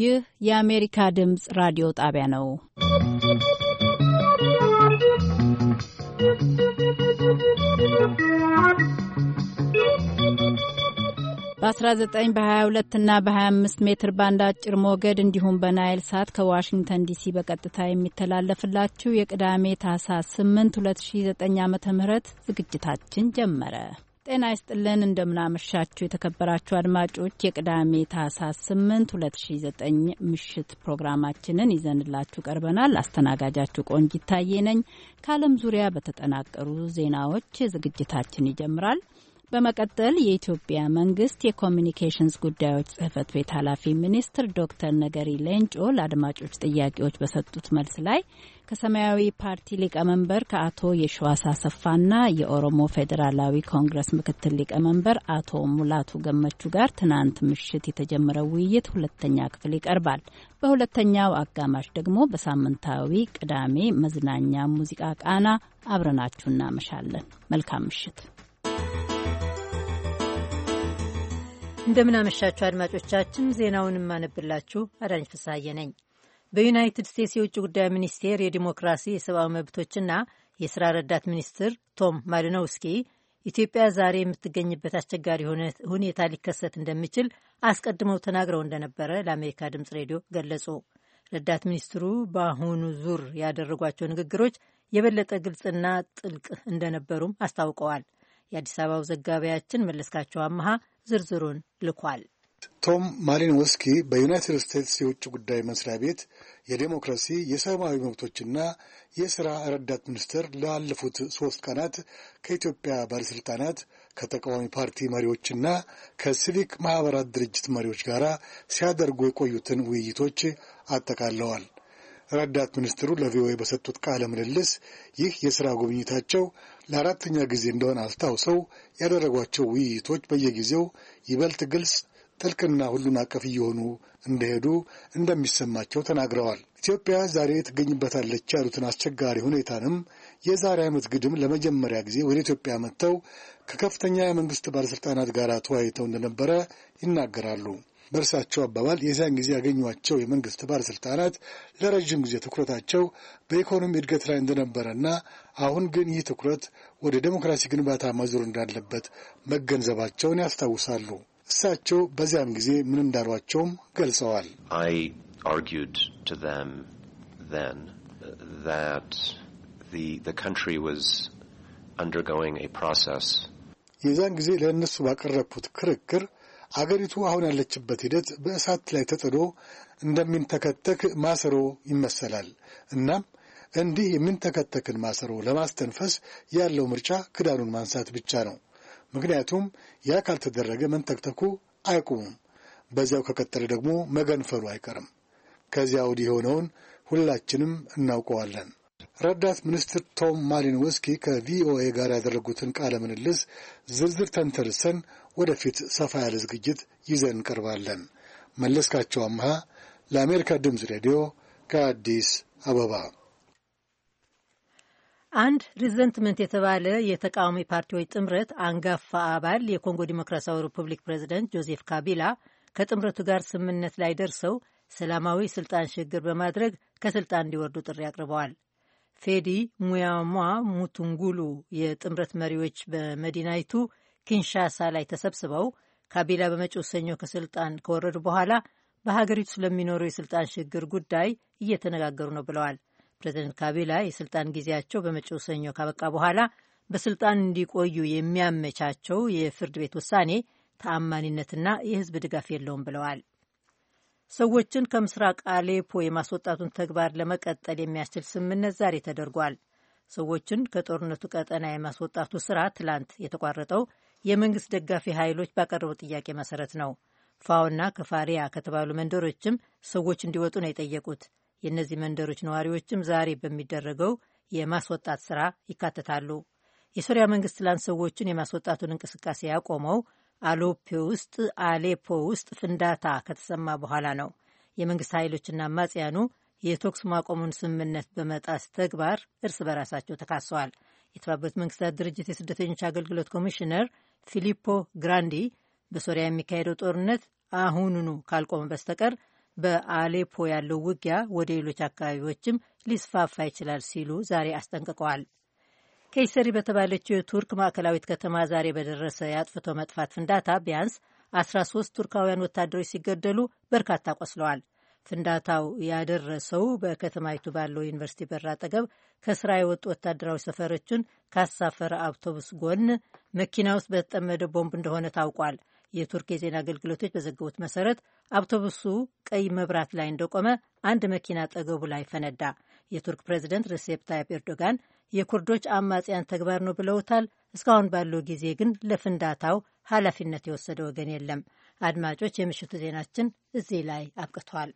ይህ የአሜሪካ ድምፅ ራዲዮ ጣቢያ ነው። በ19 በ22 እና በ25 ሜትር ባንድ አጭር ሞገድ እንዲሁም በናይል ሳት ከዋሽንግተን ዲሲ በቀጥታ የሚተላለፍላችሁ የቅዳሜ ታህሳስ 8 2009 ም ዝግጅታችን ጀመረ። ጤና ይስጥልን እንደምናመሻችሁ የተከበራችሁ አድማጮች የቅዳሜ ታህሳስ 8 2009 ምሽት ፕሮግራማችንን ይዘንላችሁ ቀርበናል። አስተናጋጃችሁ ቆንጅ ይታየ። ነኝ። ከዓለም ዙሪያ በተጠናቀሩ ዜናዎች ዝግጅታችን ይጀምራል። በመቀጠል የኢትዮጵያ መንግስት የኮሚኒኬሽንስ ጉዳዮች ጽህፈት ቤት ኃላፊ ሚኒስትር ዶክተር ነገሪ ሌንጮ ለአድማጮች ጥያቄዎች በሰጡት መልስ ላይ ከሰማያዊ ፓርቲ ሊቀመንበር ከአቶ የሸዋስ አሰፋና የኦሮሞ ፌዴራላዊ ኮንግረስ ምክትል ሊቀመንበር አቶ ሙላቱ ገመቹ ጋር ትናንት ምሽት የተጀመረው ውይይት ሁለተኛ ክፍል ይቀርባል። በሁለተኛው አጋማሽ ደግሞ በሳምንታዊ ቅዳሜ መዝናኛ ሙዚቃ ቃና አብረናችሁ እናመሻለን። መልካም ምሽት። እንደምናመሻችሁ አድማጮቻችን፣ ዜናውን የማነብላችሁ አዳኝ ፍሳዬ ነኝ። በዩናይትድ ስቴትስ የውጭ ጉዳይ ሚኒስቴር የዲሞክራሲ የሰብአዊ መብቶችና የስራ ረዳት ሚኒስትር ቶም ማሊኖውስኪ ኢትዮጵያ ዛሬ የምትገኝበት አስቸጋሪ ሁኔታ ሊከሰት እንደሚችል አስቀድመው ተናግረው እንደነበረ ለአሜሪካ ድምፅ ሬዲዮ ገለጹ። ረዳት ሚኒስትሩ በአሁኑ ዙር ያደረጓቸው ንግግሮች የበለጠ ግልጽና ጥልቅ እንደነበሩም አስታውቀዋል። የአዲስ አበባው ዘጋቢያችን መለስካቸው አመሃ ዝርዝሩን ልኳል። ቶም ማሊኖውስኪ በዩናይትድ ስቴትስ የውጭ ጉዳይ መስሪያ ቤት የዴሞክራሲ የሰብአዊ መብቶችና የሥራ ረዳት ሚኒስትር ላለፉት ሦስት ቀናት ከኢትዮጵያ ባለሥልጣናት ከተቃዋሚ ፓርቲ መሪዎችና ከሲቪክ ማኅበራት ድርጅት መሪዎች ጋር ሲያደርጉ የቆዩትን ውይይቶች አጠቃለዋል። ረዳት ሚኒስትሩ ለቪኦኤ በሰጡት ቃለ ምልልስ ይህ የሥራ ጉብኝታቸው ለአራተኛ ጊዜ እንደሆነ አስታውሰው ያደረጓቸው ውይይቶች በየጊዜው ይበልጥ ግልጽ ጥልቅና ሁሉን አቀፍ እየሆኑ እንደሄዱ እንደሚሰማቸው ተናግረዋል። ኢትዮጵያ ዛሬ ትገኝበታለች ያሉትን አስቸጋሪ ሁኔታንም የዛሬ ዓመት ግድም ለመጀመሪያ ጊዜ ወደ ኢትዮጵያ መጥተው ከከፍተኛ የመንግስት ባለሥልጣናት ጋር ተወያይተው እንደነበረ ይናገራሉ። በእርሳቸው አባባል የዚያን ጊዜ ያገኟቸው የመንግስት ባለሥልጣናት ለረዥም ጊዜ ትኩረታቸው በኢኮኖሚ እድገት ላይ እንደነበረና አሁን ግን ይህ ትኩረት ወደ ዴሞክራሲ ግንባታ መዞር እንዳለበት መገንዘባቸውን ያስታውሳሉ። እሳቸው በዚያም ጊዜ ምን እንዳሏቸውም ገልጸዋል። uh, የዛን ጊዜ ለእነሱ ባቀረብኩት ክርክር አገሪቱ አሁን ያለችበት ሂደት በእሳት ላይ ተጥዶ እንደሚንተከተክ ማሰሮ ይመሰላል። እናም እንዲህ የሚንተከተክን ማሰሮ ለማስተንፈስ ያለው ምርጫ ክዳኑን ማንሳት ብቻ ነው። ምክንያቱም ያ ካልተደረገ መንተክተኩ አይቁምም። በዚያው ከቀጠለ ደግሞ መገንፈሉ አይቀርም። ከዚያ ወዲህ የሆነውን ሁላችንም እናውቀዋለን። ረዳት ሚኒስትር ቶም ወስኪ ከቪኦኤ ጋር ያደረጉትን ቃለ ምልልስ ዝርዝር ተንተርሰን ወደፊት ሰፋ ያለ ዝግጅት ይዘን እንቀርባለን። መለስካቸው አምሃ ለአሜሪካ ድምፅ ሬዲዮ ከአዲስ አበባ አንድ ሪዘንትመንት የተባለ የተቃዋሚ ፓርቲዎች ጥምረት አንጋፋ አባል የኮንጎ ዲሞክራሲያዊ ሪፑብሊክ ፕሬዚደንት ጆዜፍ ካቢላ ከጥምረቱ ጋር ስምምነት ላይ ደርሰው ሰላማዊ ስልጣን ሽግግር በማድረግ ከስልጣን እንዲወርዱ ጥሪ አቅርበዋል። ፌዲ ሙያሟ ሙቱንጉሉ የጥምረት መሪዎች በመዲናይቱ ኪንሻሳ ላይ ተሰብስበው ካቢላ በመጪው ሰኞ ከስልጣን ከወረዱ በኋላ በሀገሪቱ ስለሚኖረው የስልጣን ሽግግር ጉዳይ እየተነጋገሩ ነው ብለዋል። ፕሬዚደንት ካቢላ የስልጣን ጊዜያቸው በመጪው ሰኞ ካበቃ በኋላ በስልጣን እንዲቆዩ የሚያመቻቸው የፍርድ ቤት ውሳኔ ተአማኒነትና የህዝብ ድጋፍ የለውም ብለዋል። ሰዎችን ከምስራቅ አሌፖ የማስወጣቱን ተግባር ለመቀጠል የሚያስችል ስምምነት ዛሬ ተደርጓል። ሰዎችን ከጦርነቱ ቀጠና የማስወጣቱ ስራ ትላንት የተቋረጠው የመንግስት ደጋፊ ኃይሎች ባቀረቡ ጥያቄ መሰረት ነው። ፋውና ከፋሪያ ከተባሉ መንደሮችም ሰዎች እንዲወጡ ነው የጠየቁት። የእነዚህ መንደሮች ነዋሪዎችም ዛሬ በሚደረገው የማስወጣት ስራ ይካተታሉ። የሶሪያ መንግስት ትላንት ሰዎችን የማስወጣቱን እንቅስቃሴ ያቆመው አሎፔ ውስጥ አሌፖ ውስጥ ፍንዳታ ከተሰማ በኋላ ነው። የመንግስት ኃይሎችና አማጽያኑ የተኩስ ማቆሙን ስምምነት በመጣስ ተግባር እርስ በራሳቸው ተካሰዋል። የተባበሩት መንግስታት ድርጅት የስደተኞች አገልግሎት ኮሚሽነር ፊሊፖ ግራንዲ በሶሪያ የሚካሄደው ጦርነት አሁኑኑ ካልቆመ በስተቀር በአሌፖ ያለው ውጊያ ወደ ሌሎች አካባቢዎችም ሊስፋፋ ይችላል ሲሉ ዛሬ አስጠንቅቀዋል። ኬይሰሪ በተባለችው የቱርክ ማዕከላዊት ከተማ ዛሬ በደረሰ የአጥፍቶ መጥፋት ፍንዳታ ቢያንስ 13 ቱርካውያን ወታደሮች ሲገደሉ በርካታ ቆስለዋል። ፍንዳታው ያደረሰው በከተማይቱ ባለው ዩኒቨርሲቲ በር አጠገብ ከስራ የወጡ ወታደራዊ ሰፈሮችን ካሳፈረ አውቶቡስ ጎን መኪና ውስጥ በተጠመደ ቦምብ እንደሆነ ታውቋል። የቱርክ የዜና አገልግሎቶች በዘገቡት መሰረት አውቶቡሱ ቀይ መብራት ላይ እንደቆመ አንድ መኪና ጠገቡ ላይ ፈነዳ። የቱርክ ፕሬዚደንት ሬሴፕ ታይፕ ኤርዶጋን የኩርዶች አማጽያን ተግባር ነው ብለውታል። እስካሁን ባለው ጊዜ ግን ለፍንዳታው ኃላፊነት የወሰደ ወገን የለም። አድማጮች፣ የምሽቱ ዜናችን እዚህ ላይ አብቅቷል።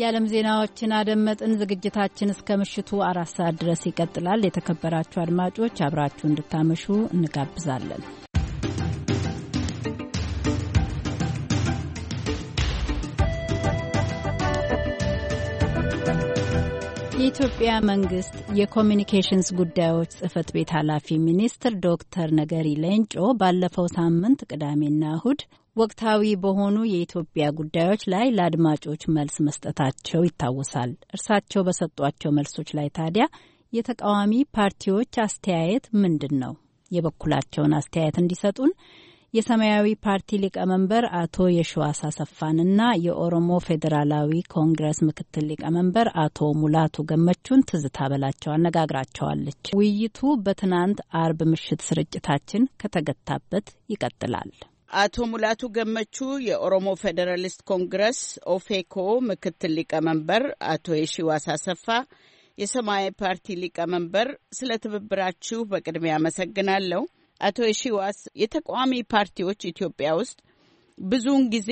የዓለም ዜናዎችን አደመጥን። ዝግጅታችን እስከ ምሽቱ አራት ሰዓት ድረስ ይቀጥላል። የተከበራችሁ አድማጮች አብራችሁ እንድታመሹ እንጋብዛለን። የኢትዮጵያ መንግስት የኮሚኒኬሽንስ ጉዳዮች ጽህፈት ቤት ኃላፊ ሚኒስትር ዶክተር ነገሪ ሌንጮ ባለፈው ሳምንት ቅዳሜና እሁድ ወቅታዊ በሆኑ የኢትዮጵያ ጉዳዮች ላይ ለአድማጮች መልስ መስጠታቸው ይታወሳል። እርሳቸው በሰጧቸው መልሶች ላይ ታዲያ የተቃዋሚ ፓርቲዎች አስተያየት ምንድን ነው? የበኩላቸውን አስተያየት እንዲሰጡን የሰማያዊ ፓርቲ ሊቀመንበር አቶ የሸዋስ አሰፋንና የኦሮሞ ፌዴራላዊ ኮንግረስ ምክትል ሊቀመንበር አቶ ሙላቱ ገመቹን ትዝታ በላቸው አነጋግራቸዋለች። ውይይቱ በትናንት አርብ ምሽት ስርጭታችን ከተገታበት ይቀጥላል። አቶ ሙላቱ ገመቹ የኦሮሞ ፌዴራሊስት ኮንግረስ ኦፌኮ ምክትል ሊቀመንበር፣ አቶ የሺዋስ አሰፋ የሰማያዊ ፓርቲ ሊቀመንበር፣ ስለ ትብብራችሁ በቅድሚያ አመሰግናለሁ። አቶ የሺዋስ የተቃዋሚ ፓርቲዎች ኢትዮጵያ ውስጥ ብዙውን ጊዜ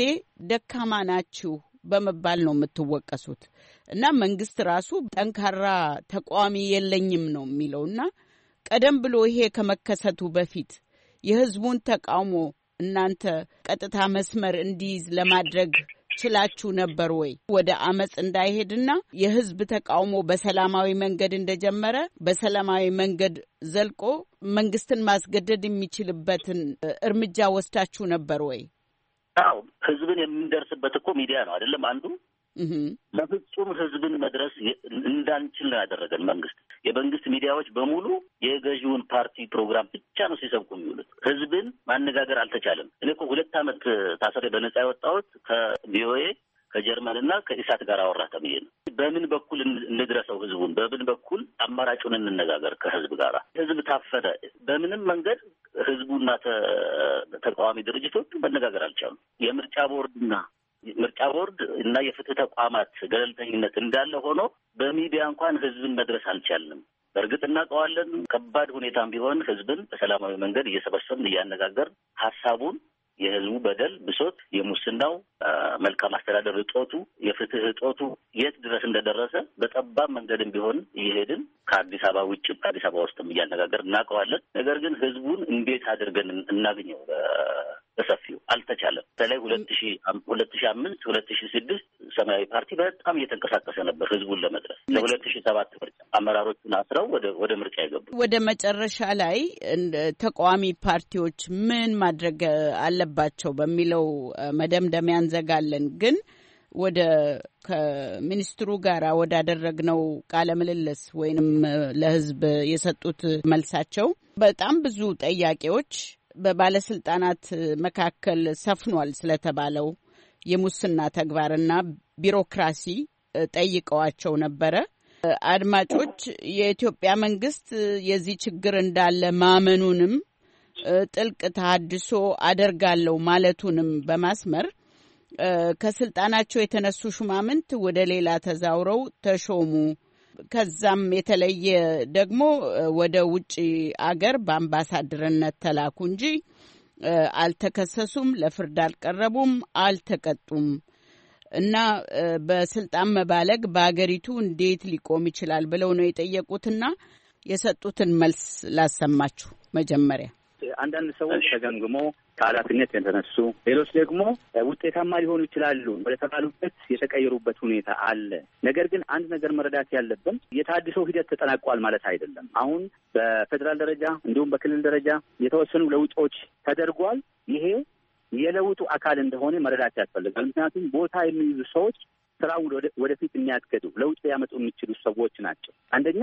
ደካማ ናችሁ በመባል ነው የምትወቀሱት እና መንግስት ራሱ ጠንካራ ተቃዋሚ የለኝም ነው የሚለው እና ቀደም ብሎ ይሄ ከመከሰቱ በፊት የህዝቡን ተቃውሞ እናንተ ቀጥታ መስመር እንዲይዝ ለማድረግ ችላችሁ ነበር ወይ? ወደ አመፅ እንዳይሄድና የህዝብ ተቃውሞ በሰላማዊ መንገድ እንደጀመረ በሰላማዊ መንገድ ዘልቆ መንግስትን ማስገደድ የሚችልበትን እርምጃ ወስዳችሁ ነበር ወይ? አዎ፣ ህዝብን የምንደርስበት እኮ ሚዲያ ነው አይደለም? አንዱ ለፍጹም ህዝብን መድረስ እንዳንችል ነው ያደረገን መንግስት። የመንግስት ሚዲያዎች በሙሉ የገዢውን ፓርቲ ፕሮግራም ብቻ ነው ሲሰብኩ የሚውሉት። ህዝብን ማነጋገር አልተቻለም። እኔ እኮ ሁለት ዓመት ታሰሬ በነጻ የወጣሁት ከቪኦኤ ከጀርመን እና ከኢሳት ጋር አወራ ተብዬ ነው። በምን በኩል እንድረሰው ህዝቡን፣ በምን በኩል አማራጩን እንነጋገር ከህዝብ ጋር። ህዝብ ታፈነ። በምንም መንገድ ህዝቡና ተቃዋሚ ድርጅቶቹ መነጋገር አልቻሉም። የምርጫ ቦርድና ምርጫ ቦርድ እና የፍትህ ተቋማት ገለልተኝነት እንዳለ ሆኖ በሚዲያ እንኳን ህዝብን መድረስ አልቻልንም። በእርግጥ እናውቀዋለን። ከባድ ሁኔታም ቢሆን ህዝብን በሰላማዊ መንገድ እየሰበሰብን እያነጋገር ሀሳቡን የህዝቡ በደል፣ ብሶት፣ የሙስናው መልካም አስተዳደር እጦቱ፣ የፍትህ እጦቱ የት ድረስ እንደደረሰ በጠባብ መንገድም ቢሆን እየሄድን ከአዲስ አበባ ውጭ ከአዲስ አበባ ውስጥም እያነጋገር እናውቀዋለን። ነገር ግን ህዝቡን እንዴት አድርገን እናግኘው? በሰፊው አልተቻለም። በተለይ ሁለት ሺ ሁለት ሺ አምስት ሁለት ሺ ስድስት ሰማያዊ ፓርቲ በጣም እየተንቀሳቀሰ ነበር ህዝቡን ለመድረስ ለሁለት ሺ ሰባት ምርጫ አመራሮቹን አስረው ወደ ምርጫ የገቡ ወደ መጨረሻ ላይ ተቃዋሚ ፓርቲዎች ምን ማድረግ አለባቸው በሚለው መደምደሚያ እንዘጋለን ግን ወደ ከሚኒስትሩ ጋር ወዳደረግነው ቃለ ምልልስ ወይንም ለህዝብ የሰጡት መልሳቸው በጣም ብዙ ጥያቄዎች በባለስልጣናት መካከል ሰፍኗል ስለተባለው የሙስና ተግባርና ቢሮክራሲ ጠይቀዋቸው ነበረ። አድማጮች የኢትዮጵያ መንግስት የዚህ ችግር እንዳለ ማመኑንም ጥልቅ ተሃድሶ አደርጋለሁ ማለቱንም በማስመር ከስልጣናቸው የተነሱ ሹማምንት ወደ ሌላ ተዛውረው ተሾሙ ከዛም የተለየ ደግሞ ወደ ውጭ አገር በአምባሳደርነት ተላኩ እንጂ አልተከሰሱም፣ ለፍርድ አልቀረቡም፣ አልተቀጡም። እና በስልጣን መባለግ በሀገሪቱ እንዴት ሊቆም ይችላል ብለው ነው የጠየቁትና የሰጡትን መልስ ላሰማችሁ መጀመሪያ አንዳንድ ሰዎች ተገምግሞ ከኃላፊነት የተነሱ ሌሎች ደግሞ ውጤታማ ሊሆኑ ይችላሉ ወደ ተባሉበት የተቀየሩበት ሁኔታ አለ። ነገር ግን አንድ ነገር መረዳት ያለብን የታድሶ ሂደት ተጠናቋል ማለት አይደለም። አሁን በፌዴራል ደረጃ እንዲሁም በክልል ደረጃ የተወሰኑ ለውጦች ተደርጓል። ይሄ የለውጡ አካል እንደሆነ መረዳት ያስፈልጋል። ምክንያቱም ቦታ የሚይዙ ሰዎች ስራውን ወደፊት የሚያስገዱ ለውጥ ሊያመጡ የሚችሉ ሰዎች ናቸው። አንደኛ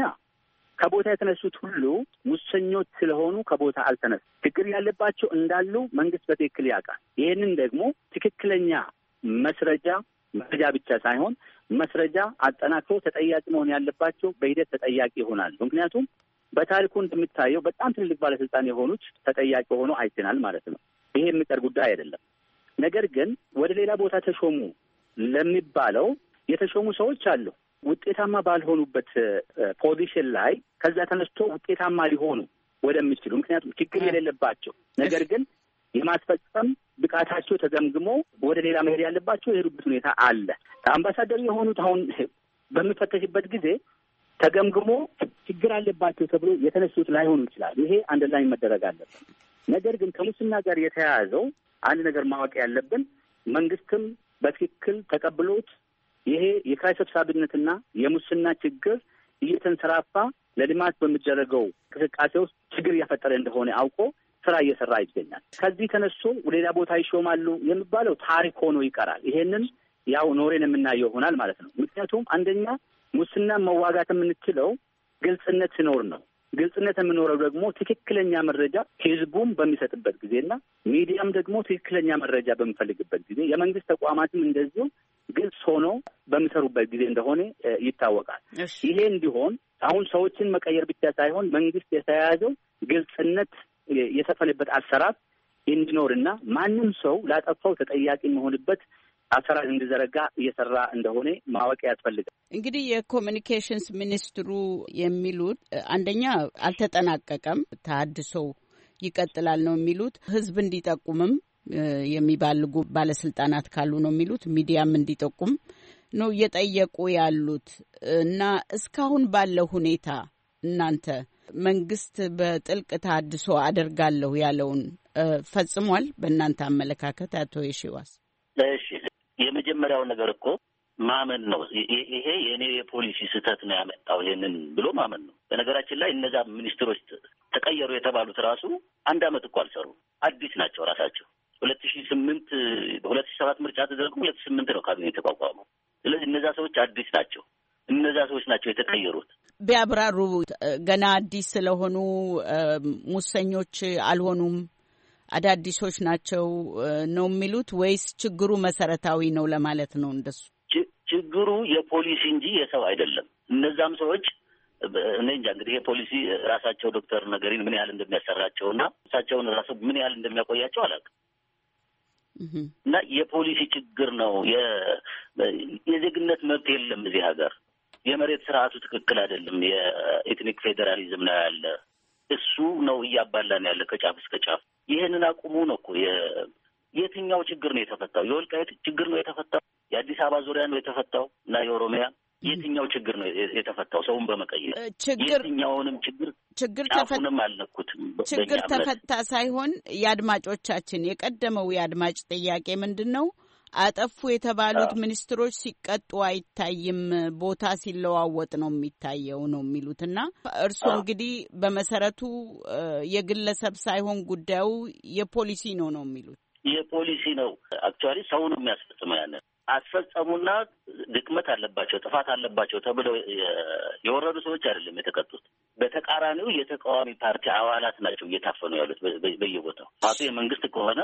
ከቦታ የተነሱት ሁሉ ሙሰኞች ስለሆኑ ከቦታ አልተነሱ። ችግር ያለባቸው እንዳሉ መንግስት በትክክል ያውቃል። ይህንን ደግሞ ትክክለኛ መስረጃ መረጃ ብቻ ሳይሆን መስረጃ አጠናክሮ ተጠያቂ መሆን ያለባቸው በሂደት ተጠያቂ ይሆናሉ። ምክንያቱም በታሪኩ እንደሚታየው በጣም ትልልቅ ባለስልጣን የሆኑት ተጠያቂ ሆኖ አይተናል ማለት ነው። ይሄ የሚቀር ጉዳይ አይደለም። ነገር ግን ወደ ሌላ ቦታ ተሾሙ ለሚባለው የተሾሙ ሰዎች አሉ። ውጤታማ ባልሆኑበት ፖዚሽን ላይ ከዛ ተነስቶ ውጤታማ ሊሆኑ ወደሚችሉ ምክንያቱም ችግር የሌለባቸው ነገር ግን የማስፈጸም ብቃታቸው ተገምግሞ ወደ ሌላ መሄድ ያለባቸው የሄዱበት ሁኔታ አለ። አምባሳደሩ የሆኑት አሁን በሚፈተሽበት ጊዜ ተገምግሞ ችግር አለባቸው ተብሎ የተነሱት ላይሆኑ ይችላል። ይሄ ላይ መደረግ አለበት። ነገር ግን ከሙስና ጋር የተያያዘው አንድ ነገር ማወቅ ያለብን መንግስትም በትክክል ተቀብሎት ይሄ የኪራይ ሰብሳቢነትና የሙስና ችግር እየተንሰራፋ ለልማት በሚደረገው እንቅስቃሴ ውስጥ ችግር እያፈጠረ እንደሆነ አውቆ ስራ እየሰራ ይገኛል። ከዚህ ተነስቶ ሌላ ቦታ ይሾማሉ የሚባለው ታሪክ ሆኖ ይቀራል። ይሄንን ያው ኖሬን የምናየው ይሆናል ማለት ነው። ምክንያቱም አንደኛ ሙስናን መዋጋት የምንችለው ግልጽነት ሲኖር ነው። ግልጽነት የምኖረው ደግሞ ትክክለኛ መረጃ ህዝቡም በሚሰጥበት ጊዜና ሚዲያም ደግሞ ትክክለኛ መረጃ በሚፈልግበት ጊዜ፣ የመንግስት ተቋማትም እንደዚሁ ግልጽ ሆኖ በሚሰሩበት ጊዜ እንደሆነ ይታወቃል። ይሄ እንዲሆን አሁን ሰዎችን መቀየር ብቻ ሳይሆን መንግስት የተያያዘው ግልጽነት የሰፈነበት አሰራር እንዲኖርና ማንም ሰው ላጠፋው ተጠያቂ የሚሆንበት አሰራር እንዲዘረጋ እየሰራ እንደሆነ ማወቅ ያስፈልጋል። እንግዲህ የኮሚኒኬሽንስ ሚኒስትሩ የሚሉት አንደኛ አልተጠናቀቀም፣ ተሃድሶው ይቀጥላል ነው የሚሉት። ህዝብ እንዲጠቁምም የሚባልጉ ባለስልጣናት ካሉ ነው የሚሉት ሚዲያም እንዲጠቁም ነው እየጠየቁ ያሉት እና እስካሁን ባለው ሁኔታ እናንተ መንግስት በጥልቅ ታድሶ አደርጋለሁ ያለውን ፈጽሟል? በእናንተ አመለካከት አቶ የሺዋስ? እሺ፣ የመጀመሪያው ነገር እኮ ማመን ነው። ይሄ የእኔ የፖሊሲ ስህተት ነው ያመጣው ይህንን ብሎ ማመን ነው። በነገራችን ላይ እነዛ ሚኒስትሮች ተቀየሩ የተባሉት ራሱ አንድ አመት እኮ አልሰሩ፣ አዲስ ናቸው ራሳቸው ሁለት ሺ ስምንት በሁለት ሺ ሰባት ምርጫ ተደረጉ። ሁለት ሺ ስምንት ነው ካቢኔ የተቋቋመው። ስለዚህ እነዛ ሰዎች አዲስ ናቸው። እነዛ ሰዎች ናቸው የተቀየሩት። ቢያብራሩ ገና አዲስ ስለሆኑ ሙሰኞች አልሆኑም አዳዲሶች ናቸው ነው የሚሉት ወይስ ችግሩ መሰረታዊ ነው ለማለት ነው? እንደሱ ችግሩ የፖሊሲ እንጂ የሰው አይደለም። እነዛም ሰዎች እኔ እንጃ እንግዲህ የፖሊሲ ራሳቸው ዶክተር ነገሪን ምን ያህል እንደሚያሰራቸው እና እሳቸውን ራሱ ምን ያህል እንደሚያቆያቸው አላውቅም። እና የፖሊሲ ችግር ነው። የዜግነት መብት የለም እዚህ ሀገር። የመሬት ስርዓቱ ትክክል አይደለም። የኤትኒክ ፌዴራሊዝም ነው ያለ። እሱ ነው እያባላን ያለ ከጫፍ እስከ ጫፍ። ይህንን አቁሙ ነው እኮ። የትኛው ችግር ነው የተፈታው? የወልቃይት ችግር ነው የተፈታው? የአዲስ አበባ ዙሪያ ነው የተፈታው እና የኦሮሚያ የትኛው ችግር ነው የተፈታው? ሰውን በመቀየር ችግር የትኛውንም ችግር ችግር ጫፉንም አልነኩትም። ችግር ተፈታ ሳይሆን የአድማጮቻችን የቀደመው የአድማጭ ጥያቄ ምንድን ነው? አጠፉ የተባሉት ሚኒስትሮች ሲቀጡ አይታይም፣ ቦታ ሲለዋወጥ ነው የሚታየው ነው የሚሉት እና እርስዎ እንግዲህ በመሰረቱ የግለሰብ ሳይሆን ጉዳዩ የፖሊሲ ነው ነው የሚሉት የፖሊሲ ነው። አክቹዋሊ ሰው ነው የሚያስፈጽመው ያንን አስፈጸሙና ድክመት አለባቸው፣ ጥፋት አለባቸው ተብለው የወረዱ ሰዎች አይደለም የተቀጡት። በተቃራኒው የተቃዋሚ ፓርቲ አባላት ናቸው እየታፈኑ ያሉት በየቦታው። ፓቱ የመንግስት ከሆነ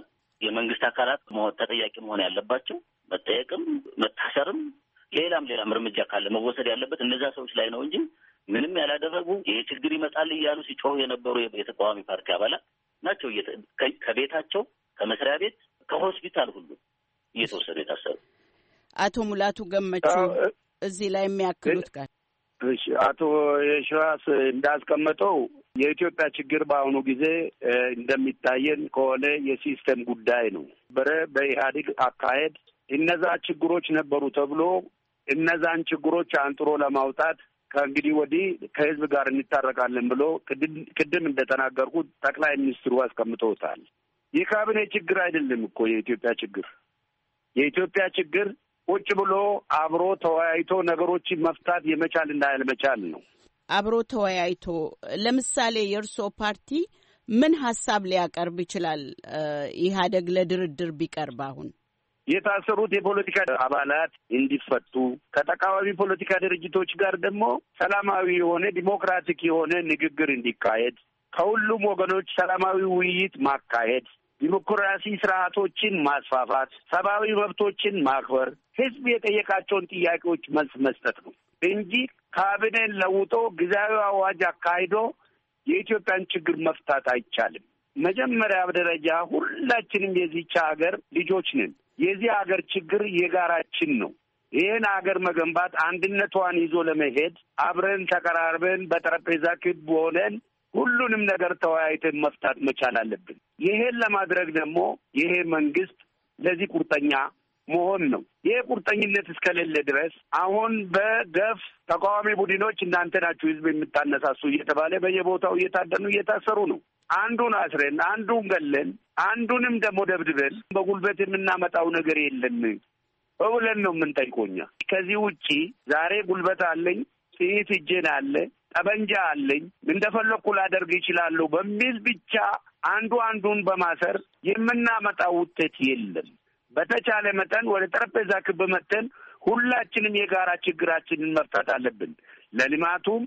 የመንግስት አካላት ተጠያቂ መሆን ያለባቸው መጠየቅም፣ መታሰርም ሌላም ሌላም እርምጃ ካለ መወሰድ ያለበት እነዛ ሰዎች ላይ ነው እንጂ ምንም ያላደረጉ ይህ ችግር ይመጣል እያሉ ሲጮሁ የነበሩ የተቃዋሚ ፓርቲ አባላት ናቸው ከቤታቸው ከመስሪያ ቤት ከሆስፒታል ሁሉ እየተወሰዱ የታሰሩ አቶ ሙላቱ ገመቹ እዚህ ላይ የሚያክሉት ጋር እሺ፣ አቶ የሸዋስ እንዳስቀመጠው የኢትዮጵያ ችግር በአሁኑ ጊዜ እንደሚታየን ከሆነ የሲስተም ጉዳይ ነው። በረ በኢህአዴግ አካሄድ እነዛ ችግሮች ነበሩ ተብሎ እነዛን ችግሮች አንጥሮ ለማውጣት ከእንግዲህ ወዲህ ከህዝብ ጋር እንታረቃለን ብሎ ቅድም እንደተናገርኩት ጠቅላይ ሚኒስትሩ አስቀምጠውታል። የካቢኔ ችግር አይደለም እኮ የኢትዮጵያ ችግር የኢትዮጵያ ችግር ቁጭ ብሎ አብሮ ተወያይቶ ነገሮችን መፍታት የመቻል እና ያለመቻል ነው። አብሮ ተወያይቶ ለምሳሌ የእርስዎ ፓርቲ ምን ሀሳብ ሊያቀርብ ይችላል? ኢህአደግ ለድርድር ቢቀርብ አሁን የታሰሩት የፖለቲካ አባላት እንዲፈቱ ከተቃዋሚ ፖለቲካ ድርጅቶች ጋር ደግሞ ሰላማዊ የሆነ ዲሞክራቲክ የሆነ ንግግር እንዲካሄድ ከሁሉም ወገኖች ሰላማዊ ውይይት ማካሄድ ዲሞክራሲ ስርዓቶችን ማስፋፋት፣ ሰብአዊ መብቶችን ማክበር፣ ህዝብ የጠየቃቸውን ጥያቄዎች መልስ መስጠት ነው እንጂ ካቢኔን ለውጦ ጊዜያዊ አዋጅ አካሂዶ የኢትዮጵያን ችግር መፍታት አይቻልም። መጀመሪያ ደረጃ ሁላችንም የዚች ሀገር ልጆች ነን። የዚህ ሀገር ችግር የጋራችን ነው። ይህን ሀገር መገንባት አንድነቷን ይዞ ለመሄድ አብረን ተቀራርበን በጠረጴዛ ክብ ሆነን ሁሉንም ነገር ተወያይተን መፍታት መቻል አለብን። ይሄን ለማድረግ ደግሞ ይሄ መንግስት ለዚህ ቁርጠኛ መሆን ነው። ይሄ ቁርጠኝነት እስከሌለ ድረስ አሁን በገፍ ተቃዋሚ ቡድኖች እናንተ ናችሁ ህዝብ የምታነሳሱ እየተባለ በየቦታው እየታደኑ እየታሰሩ ነው። አንዱን አስረን አንዱን ገለን አንዱንም ደግሞ ደብድበን በጉልበት የምናመጣው ነገር የለን እውለን ነው የምንጠይቆኛ። ከዚህ ውጪ ዛሬ ጉልበት አለኝ ጥይት እጄን አለ ጠበንጃ አለኝ እንደፈለግኩ ላደርግ ይችላሉ በሚል ብቻ አንዱ አንዱን በማሰር የምናመጣው ውጤት የለም። በተቻለ መጠን ወደ ጠረጴዛ ክብ መጥተን ሁላችንም የጋራ ችግራችንን መፍታት አለብን። ለልማቱም፣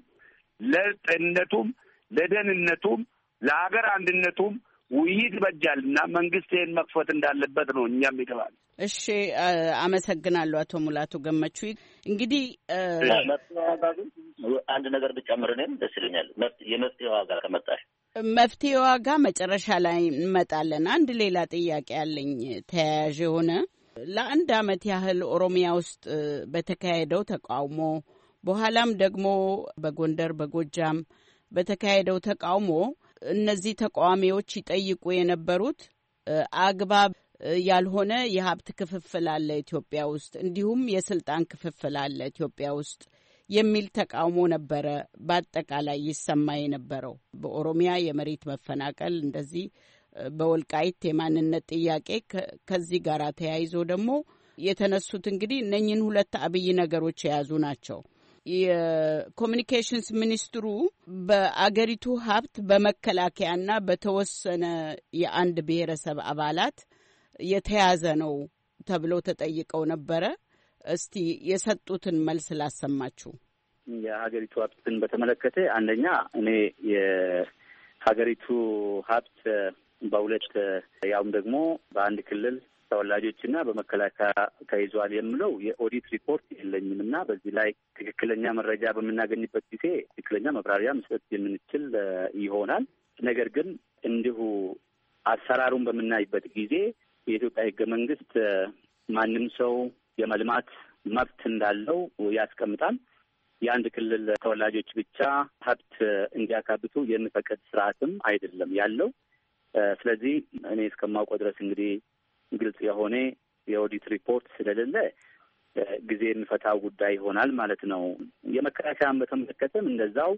ለጤንነቱም፣ ለደህንነቱም፣ ለሀገር አንድነቱም ውይይት ይበጃል እና መንግስት ይህን መክፈት እንዳለበት ነው እኛም ይገባል። እሺ፣ አመሰግናለሁ አቶ ሙላቱ ገመቹ። እንግዲህ አንድ ነገር ብጨምር እኔም ደስ ይለኛል። የመፍትሄ ዋጋ ከመጣሽ መፍትሄ ዋጋ መጨረሻ ላይ እንመጣለን። አንድ ሌላ ጥያቄ ያለኝ ተያያዥ የሆነ ለአንድ አመት ያህል ኦሮሚያ ውስጥ በተካሄደው ተቃውሞ በኋላም ደግሞ በጎንደር በጎጃም በተካሄደው ተቃውሞ እነዚህ ተቃዋሚዎች ይጠይቁ የነበሩት አግባብ ያልሆነ የሀብት ክፍፍል አለ ኢትዮጵያ ውስጥ፣ እንዲሁም የስልጣን ክፍፍል አለ ኢትዮጵያ ውስጥ የሚል ተቃውሞ ነበረ በአጠቃላይ ይሰማ የነበረው። በኦሮሚያ የመሬት መፈናቀል እንደዚህ፣ በወልቃይት የማንነት ጥያቄ ከዚህ ጋር ተያይዞ ደግሞ የተነሱት እንግዲህ እነኝህን ሁለት አብይ ነገሮች የያዙ ናቸው። የኮሚኒኬሽንስ ሚኒስትሩ በአገሪቱ ሀብት በመከላከያና በተወሰነ የአንድ ብሔረሰብ አባላት የተያዘ ነው ተብሎ ተጠይቀው ነበረ። እስቲ የሰጡትን መልስ ላሰማችሁ። የሀገሪቱ ሀብትን በተመለከተ አንደኛ እኔ የሀገሪቱ ሀብት በሁለት ያውም ደግሞ በአንድ ክልል ተወላጆችና በመከላከያ ተይዟል የምለው የኦዲት ሪፖርት የለኝም እና በዚህ ላይ ትክክለኛ መረጃ በምናገኝበት ጊዜ ትክክለኛ መብራሪያ መስጠት የምንችል ይሆናል። ነገር ግን እንዲሁ አሰራሩን በምናይበት ጊዜ የኢትዮጵያ ሕገ መንግስት ማንም ሰው የመልማት መብት እንዳለው ያስቀምጣል። የአንድ ክልል ተወላጆች ብቻ ሀብት እንዲያካብቱ የምፈቀድ ስርዓትም አይደለም ያለው። ስለዚህ እኔ እስከማውቀው ድረስ እንግዲህ ግልጽ የሆነ የኦዲት ሪፖርት ስለሌለ ጊዜ የሚፈታው ጉዳይ ይሆናል ማለት ነው። የመከላከያን በተመለከተም እንደዛው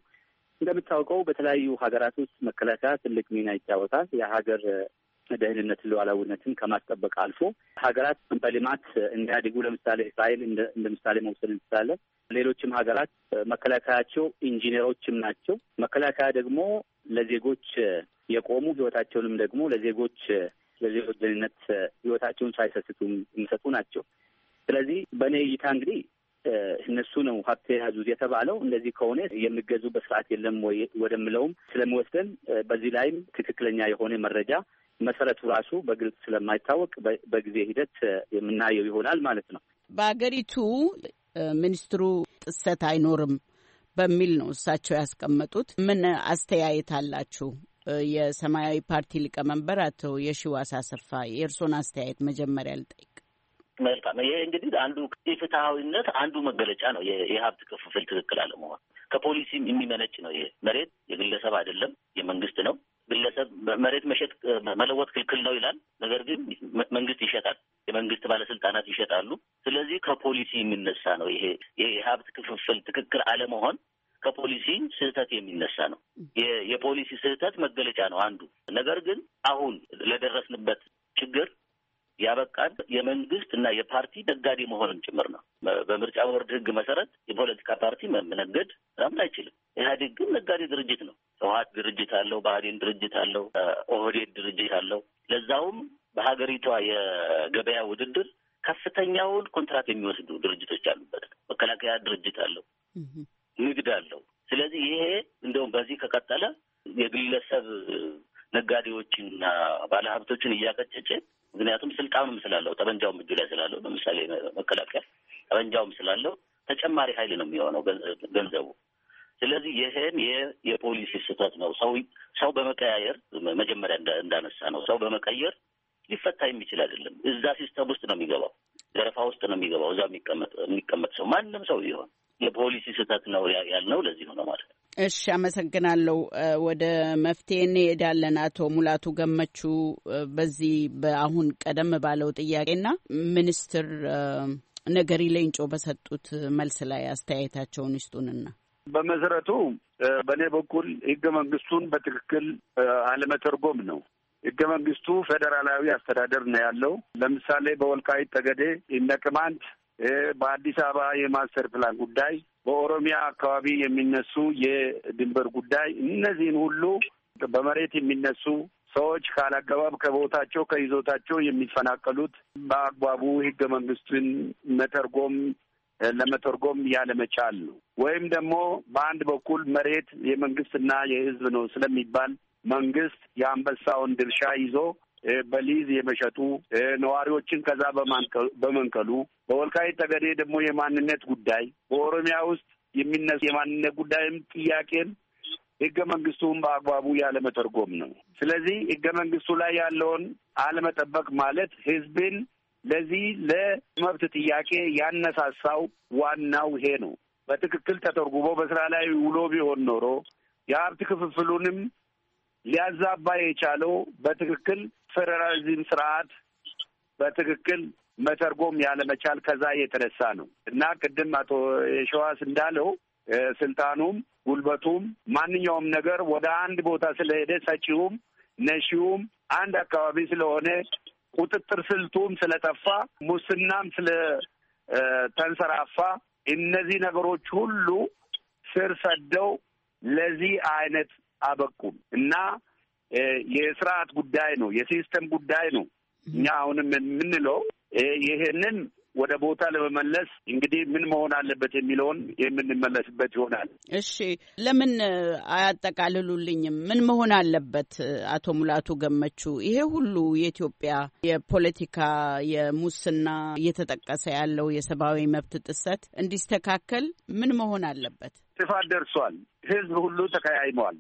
እንደምታውቀው በተለያዩ ሀገራት ውስጥ መከላከያ ትልቅ ሚና ይጫወታል። የሀገር ደህንነት ሉዓላዊነትን ከማስጠበቅ አልፎ ሀገራት በልማት እንዲያድጉ ለምሳሌ እስራኤል እንደ ምሳሌ መውሰድ እንችላለን። ሌሎችም ሀገራት መከላከያቸው ኢንጂነሮችም ናቸው። መከላከያ ደግሞ ለዜጎች የቆሙ ህይወታቸውንም ደግሞ ለዜጎች ለዜጎች ደህንነት ህይወታቸውን ሳይሰስቱ የሚሰጡ ናቸው። ስለዚህ በእኔ እይታ እንግዲህ እነሱ ነው ሀብት የያዙት የተባለው እንደዚህ ከሆነ የሚገዙ በስርዓት የለም ወይ ወደምለውም ስለሚወስደን በዚህ ላይም ትክክለኛ የሆነ መረጃ መሰረቱ ራሱ በግልጽ ስለማይታወቅ በጊዜ ሂደት የምናየው ይሆናል ማለት ነው። በአገሪቱ ሚኒስትሩ ጥሰት አይኖርም በሚል ነው እሳቸው ያስቀመጡት። ምን አስተያየት አላችሁ? የሰማያዊ ፓርቲ ሊቀመንበር አቶ የሺዋስ አሰፋ የእርስዎን አስተያየት መጀመሪያ ልጠይቅ። መልካም። ይሄ እንግዲህ አንዱ የፍትሐዊነት አንዱ መገለጫ ነው፣ የሀብት ክፍፍል ትክክል አለመሆን ከፖሊሲም የሚመነጭ ነው። ይሄ መሬት የግለሰብ አይደለም፣ የመንግስት ነው። ግለሰብ መሬት መሸጥ መለወጥ ክልክል ነው ይላል። ነገር ግን መንግስት ይሸጣል፣ የመንግስት ባለስልጣናት ይሸጣሉ። ስለዚህ ከፖሊሲ የሚነሳ ነው። ይሄ የሀብት ክፍፍል ትክክል አለመሆን ከፖሊሲ ስህተት የሚነሳ ነው። የፖሊሲ ስህተት መገለጫ ነው አንዱ። ነገር ግን አሁን ለደረስንበት ችግር ያበቃን የመንግስት እና የፓርቲ ነጋዴ መሆንም ጭምር ነው። በምርጫ ቦርድ ህግ መሰረት የፖለቲካ ፓርቲ መነገድ ምናምን አይችልም። ኢህአዴግ ግን ነጋዴ ድርጅት ነው። ህወሓት ድርጅት አለው፣ ብአዴን ድርጅት አለው፣ ኦህዴድ ድርጅት አለው። ለዛውም በሀገሪቷ የገበያ ውድድር ከፍተኛውን ኮንትራት የሚወስዱ ድርጅቶች አሉበት። መከላከያ ድርጅት አለው። ንግድ አለው። ስለዚህ ይሄ እንደውም በዚህ ከቀጠለ የግለሰብ ነጋዴዎችንና ባለሀብቶችን እያቀጨጨ ምክንያቱም ስልጣኑም ስላለው ጠመንጃውም እጁ ላይ ስላለው ለምሳሌ መከላከያ ጠመንጃውም ስላለው ተጨማሪ ኃይል ነው የሚሆነው ገንዘቡ። ስለዚህ ይህን የፖሊሲ ስህተት ነው። ሰው ሰው በመቀያየር መጀመሪያ እንዳነሳ ነው ሰው በመቀየር ሊፈታ የሚችል አይደለም። እዛ ሲስተም ውስጥ ነው የሚገባው፣ ዘረፋ ውስጥ ነው የሚገባው። እዛ የሚቀመጥ ሰው ማንም ሰው ይሆን የፖሊሲ ስህተት ነው ያልነው ለዚህ ነው ማለት ነው። እሺ አመሰግናለሁ። ወደ መፍትሄ እንሄዳለን። አቶ ሙላቱ ገመቹ በዚህ በአሁን ቀደም ባለው ጥያቄና ሚኒስትር ነገሪ ሌንጮ በሰጡት መልስ ላይ አስተያየታቸውን ይስጡንና በመሰረቱ በእኔ በኩል ህገ መንግስቱን በትክክል አለመተርጎም ነው። ህገ መንግስቱ ፌዴራላዊ አስተዳደር ነው ያለው። ለምሳሌ በወልቃይት ጠገዴ፣ እነ በአዲስ አበባ የማስተር ፕላን ጉዳይ፣ በኦሮሚያ አካባቢ የሚነሱ የድንበር ጉዳይ፣ እነዚህን ሁሉ በመሬት የሚነሱ ሰዎች ካላገባብ ከቦታቸው ከይዞታቸው የሚፈናቀሉት በአግባቡ ህገ መንግስቱን መተርጎም ለመተርጎም ያለመቻል ነው። ወይም ደግሞ በአንድ በኩል መሬት የመንግስትና የህዝብ ነው ስለሚባል መንግስት የአንበሳውን ድርሻ ይዞ በሊዝ የመሸጡ ነዋሪዎችን ከዛ በመንቀሉ፣ በወልቃይት ጠገዴ ደግሞ የማንነት ጉዳይ በኦሮሚያ ውስጥ የሚነሱ የማንነት ጉዳይም ጥያቄን ህገ መንግስቱን በአግባቡ ያለመተርጎም ነው። ስለዚህ ህገ መንግስቱ ላይ ያለውን አለመጠበቅ ማለት ህዝብን ለዚህ ለመብት ጥያቄ ያነሳሳው ዋናው ይሄ ነው። በትክክል ተተርጉሞ በስራ ላይ ውሎ ቢሆን ኖሮ የሀብት ክፍፍሉንም ሊያዛባ የቻለው በትክክል ፌዴራሊዝም ስርዓት በትክክል መተርጎም ያለመቻል ከዛ የተነሳ ነው እና ቅድም አቶ የሸዋስ እንዳለው ስልጣኑም ጉልበቱም ማንኛውም ነገር ወደ አንድ ቦታ ስለሄደ ሰጪውም ነሺውም አንድ አካባቢ ስለሆነ ቁጥጥር ስልቱም ስለጠፋ ሙስናም ስለተንሰራፋ እነዚህ ነገሮች ሁሉ ስር ሰደው ለዚህ አይነት አበቁም እና የስርዓት ጉዳይ ነው፣ የሲስተም ጉዳይ ነው። እኛ አሁንም የምንለው ይህንን ወደ ቦታ ለመመለስ እንግዲህ ምን መሆን አለበት የሚለውን የምንመለስበት ይሆናል። እሺ፣ ለምን አያጠቃልሉልኝም? ምን መሆን አለበት? አቶ ሙላቱ ገመቹ፣ ይሄ ሁሉ የኢትዮጵያ የፖለቲካ የሙስና እየተጠቀሰ ያለው የሰብአዊ መብት ጥሰት እንዲስተካከል ምን መሆን አለበት? ጥፋት ደርሷል። ህዝብ ሁሉ ተከያይመዋል።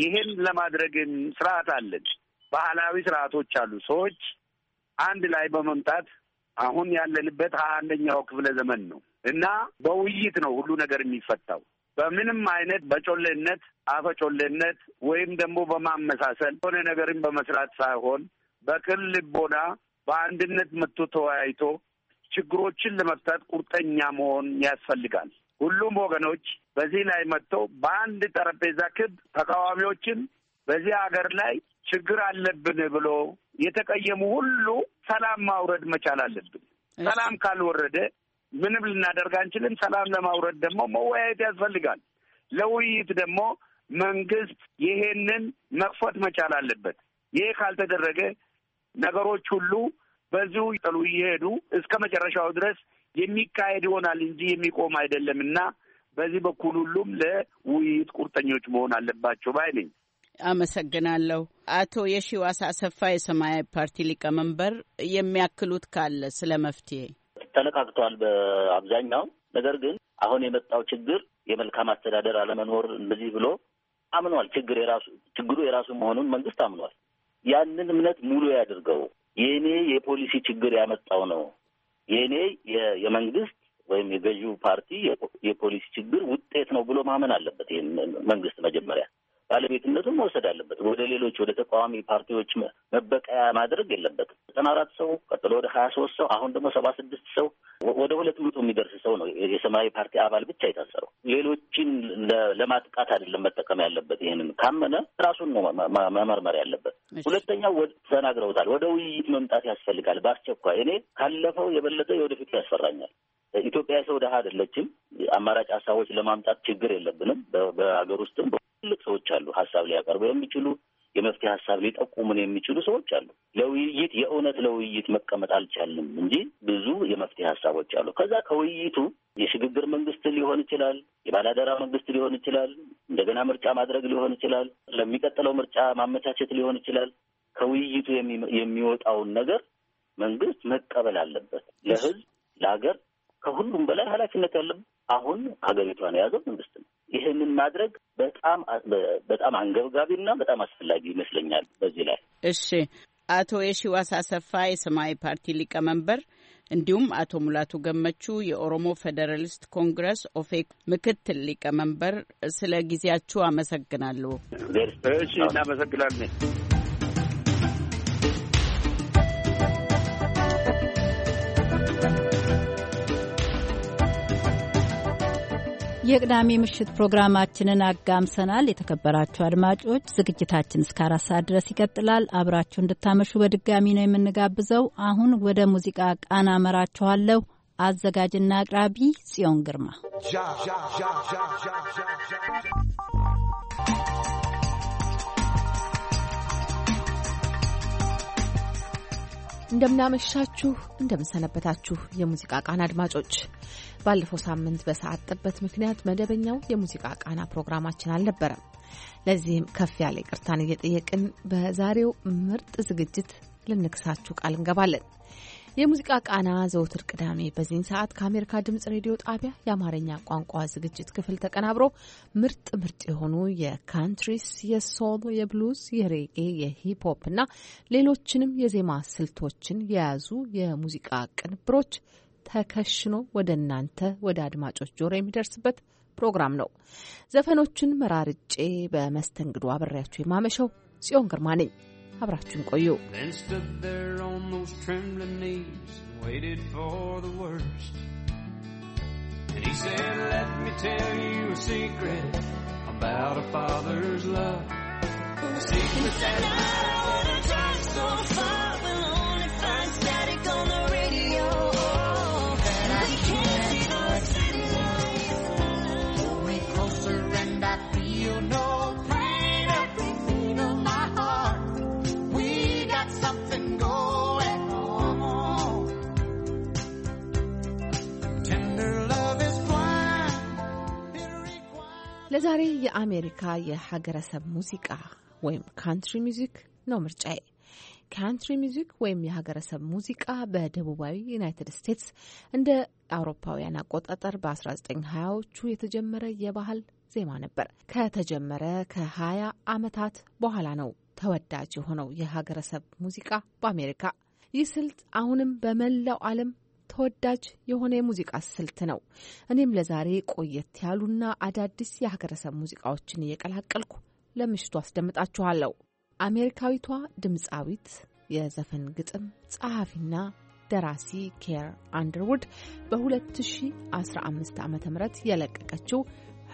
ይሄን ለማድረግም ስርዓት አለን። ባህላዊ ስርዓቶች አሉ። ሰዎች አንድ ላይ በመምጣት አሁን ያለንበት ሀያ አንደኛው ክፍለ ዘመን ነው እና በውይይት ነው ሁሉ ነገር የሚፈታው። በምንም አይነት በጮሌነት አፈጮሌነት ወይም ደግሞ በማመሳሰል የሆነ ነገርን በመስራት ሳይሆን በቅን ልቦና በአንድነት መጥቶ ተወያይቶ ችግሮችን ለመፍታት ቁርጠኛ መሆን ያስፈልጋል። ሁሉም ወገኖች በዚህ ላይ መጥተው በአንድ ጠረጴዛ ክብ ተቃዋሚዎችን በዚህ ሀገር ላይ ችግር አለብን ብሎ የተቀየሙ ሁሉ ሰላም ማውረድ መቻል አለብን። ሰላም ካልወረደ ምንም ልናደርግ አንችልም። ሰላም ለማውረድ ደግሞ መወያየት ያስፈልጋል። ለውይይት ደግሞ መንግስት ይሄንን መክፈት መቻል አለበት። ይሄ ካልተደረገ ነገሮች ሁሉ በዚሁ ጥሉ እየሄዱ እስከ መጨረሻው ድረስ የሚካሄድ ይሆናል እንጂ የሚቆም አይደለም እና በዚህ በኩል ሁሉም ለውይይት ቁርጠኞች መሆን አለባቸው ባይ ነኝ። አመሰግናለሁ። አቶ የሺዋስ አሰፋ የሰማያዊ ፓርቲ ሊቀመንበር የሚያክሉት ካለ ስለ መፍትሄ ተነቃቅተዋል በአብዛኛው ነገር ግን አሁን የመጣው ችግር የመልካም አስተዳደር አለመኖር እንደዚህ ብሎ አምኗል። ችግር የራሱ ችግሩ የራሱ መሆኑን መንግስት አምኗል። ያንን እምነት ሙሉ ያድርገው። የእኔ የፖሊሲ ችግር ያመጣው ነው የእኔ የመንግስት ወይም የገዢው ፓርቲ የፖሊሲ ችግር ውጤት ነው ብሎ ማመን አለበት። ይህን መንግስት መጀመሪያ ባለቤትነቱን መውሰድ አለበት። ወደ ሌሎች ወደ ተቃዋሚ ፓርቲዎች መበቀያ ማድረግ የለበትም። ዘጠና አራት ሰው ቀጥሎ ወደ ሀያ ሶስት ሰው አሁን ደግሞ ሰባ ስድስት ሰው ወደ ሁለት መቶ የሚደርስ ሰው ነው የሰማያዊ ፓርቲ አባል ብቻ የታሰረው። ሌሎችን ለማጥቃት አይደለም መጠቀም ያለበት። ይህንን ካመነ ራሱን ነው መመርመር ያለበት። ሁለተኛው ተናግረውታል፣ ወደ ውይይት መምጣት ያስፈልጋል በአስቸኳይ። እኔ ካለፈው የበለጠ የወደፊቱ ያስፈራኛል። ኢትዮጵያ ሰው ድሀ አይደለችም። አማራጭ ሀሳቦች ለማምጣት ችግር የለብንም። በሀገር ውስጥም ትልቅ ሰዎች አሉ፣ ሀሳብ ሊያቀርቡ የሚችሉ የመፍትሄ ሀሳብ ሊጠቁሙን የሚችሉ ሰዎች አሉ። ለውይይት የእውነት ለውይይት መቀመጥ አልቻልንም እንጂ ብዙ የመፍትሄ ሀሳቦች አሉ። ከዛ ከውይይቱ የሽግግር መንግስት ሊሆን ይችላል፣ የባላደራ መንግስት ሊሆን ይችላል፣ እንደገና ምርጫ ማድረግ ሊሆን ይችላል፣ ለሚቀጥለው ምርጫ ማመቻቸት ሊሆን ይችላል። ከውይይቱ የሚወጣውን ነገር መንግስት መቀበል አለበት። ለህዝብ ለሀገር ከሁሉም በላይ ኃላፊነት ያለው አሁን ሀገሪቷን የያዘው መንግስት ነው። ይህንን ማድረግ በጣም በጣም ና በጣም አስፈላጊ ይመስለኛል። በዚህ ላይ እሺ፣ አቶ የሺዋስ አሰፋ የሰማያዊ ፓርቲ ሊቀመንበር እንዲሁም አቶ ሙላቱ ገመቹ የኦሮሞ ፌዴራሊስት ኮንግረስ ኦፌክ ምክትል ሊቀመንበር ስለ ጊዜያችሁ አመሰግናለሁ። እሺ እናመሰግናለን። የቅዳሜ ምሽት ፕሮግራማችንን አጋምሰናል። የተከበራችሁ አድማጮች ዝግጅታችን እስከ አራት ሰዓት ድረስ ይቀጥላል። አብራችሁ እንድታመሹ በድጋሚ ነው የምንጋብዘው። አሁን ወደ ሙዚቃ ቃና አመራችኋለሁ። አዘጋጅና አቅራቢ ጽዮን ግርማ እንደምናመሻችሁ፣ እንደምንሰነበታችሁ የሙዚቃ ቃና አድማጮች ባለፈው ሳምንት በሰዓት ጥበት ምክንያት መደበኛው የሙዚቃ ቃና ፕሮግራማችን አልነበረም። ለዚህም ከፍ ያለ ይቅርታን እየጠየቅን በዛሬው ምርጥ ዝግጅት ልንክሳችሁ ቃል እንገባለን። የሙዚቃ ቃና ዘውትር ቅዳሜ በዚህን ሰዓት ከአሜሪካ ድምጽ ሬዲዮ ጣቢያ የአማርኛ ቋንቋ ዝግጅት ክፍል ተቀናብሮ ምርጥ ምርጥ የሆኑ የካንትሪስ፣ የሶል፣ የብሉዝ፣ የሬጌ፣ የሂፕሆፕ እና ሌሎችንም የዜማ ስልቶችን የያዙ የሙዚቃ ቅንብሮች ተከሽኖ ወደ እናንተ ወደ አድማጮች ጆሮ የሚደርስበት ፕሮግራም ነው። ዘፈኖቹን መራርጬ በመስተንግዶ አብሬያችሁ የማመሸው ጽዮን ግርማ ነኝ። አብራችሁን ቆዩ። ለዛሬ የአሜሪካ የሀገረሰብ ሙዚቃ ወይም ካንትሪ ሚዚክ ነው ምርጫዬ። ካንትሪ ሚዚክ ወይም የሀገረሰብ ሙዚቃ በደቡባዊ ዩናይትድ ስቴትስ እንደ አውሮፓውያን አቆጣጠር በ1920ዎቹ የተጀመረ የባህል ዜማ ነበር። ከተጀመረ ከ20 ዓመታት በኋላ ነው ተወዳጅ የሆነው የሀገረሰብ ሙዚቃ በአሜሪካ። ይህ ስልት አሁንም በመላው ዓለም ተወዳጅ የሆነ የሙዚቃ ስልት ነው። እኔም ለዛሬ ቆየት ያሉና አዳዲስ የሀገረሰብ ሙዚቃዎችን እየቀላቀልኩ ለምሽቱ አስደምጣችኋለሁ። አሜሪካዊቷ ድምፃዊት የዘፈን ግጥም ጸሐፊና ደራሲ ኬር አንደርውድ በ2015 ዓ ም የለቀቀችው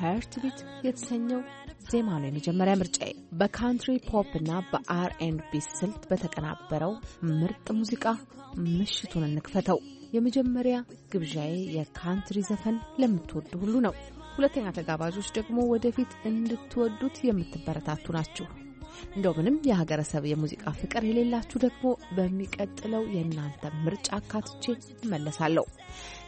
ሀርትቢት የተሰኘው ዜማ ነው የመጀመሪያ ምርጫዬ። በካንትሪ ፖፕ እና በአርኤንቢ ስልት በተቀናበረው ምርጥ ሙዚቃ ምሽቱን እንክፈተው። የመጀመሪያ ግብዣዬ የካንትሪ ዘፈን ለምትወዱ ሁሉ ነው። ሁለተኛ ተጋባዦች ደግሞ ወደፊት እንድትወዱት የምትበረታቱ ናችሁ። እንደው ምንም የሀገረሰብ የሙዚቃ ፍቅር የሌላችሁ ደግሞ በሚቀጥለው የእናንተ ምርጫ አካትቼ እመለሳለሁ።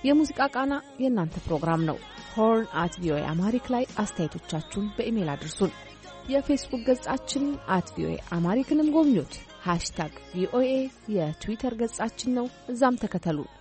የሙዚቃ ቃና የእናንተ ፕሮግራም ነው። ሆርን አት ቪኦኤ አማሪክ ላይ አስተያየቶቻችሁን በኢሜይል አድርሱን። የፌስቡክ ገጻችን አት ቪኦኤ አማሪክንም ጎብኙት። ሃሽታግ ቪኦኤ የትዊተር ገጻችን ነው። እዛም ተከተሉን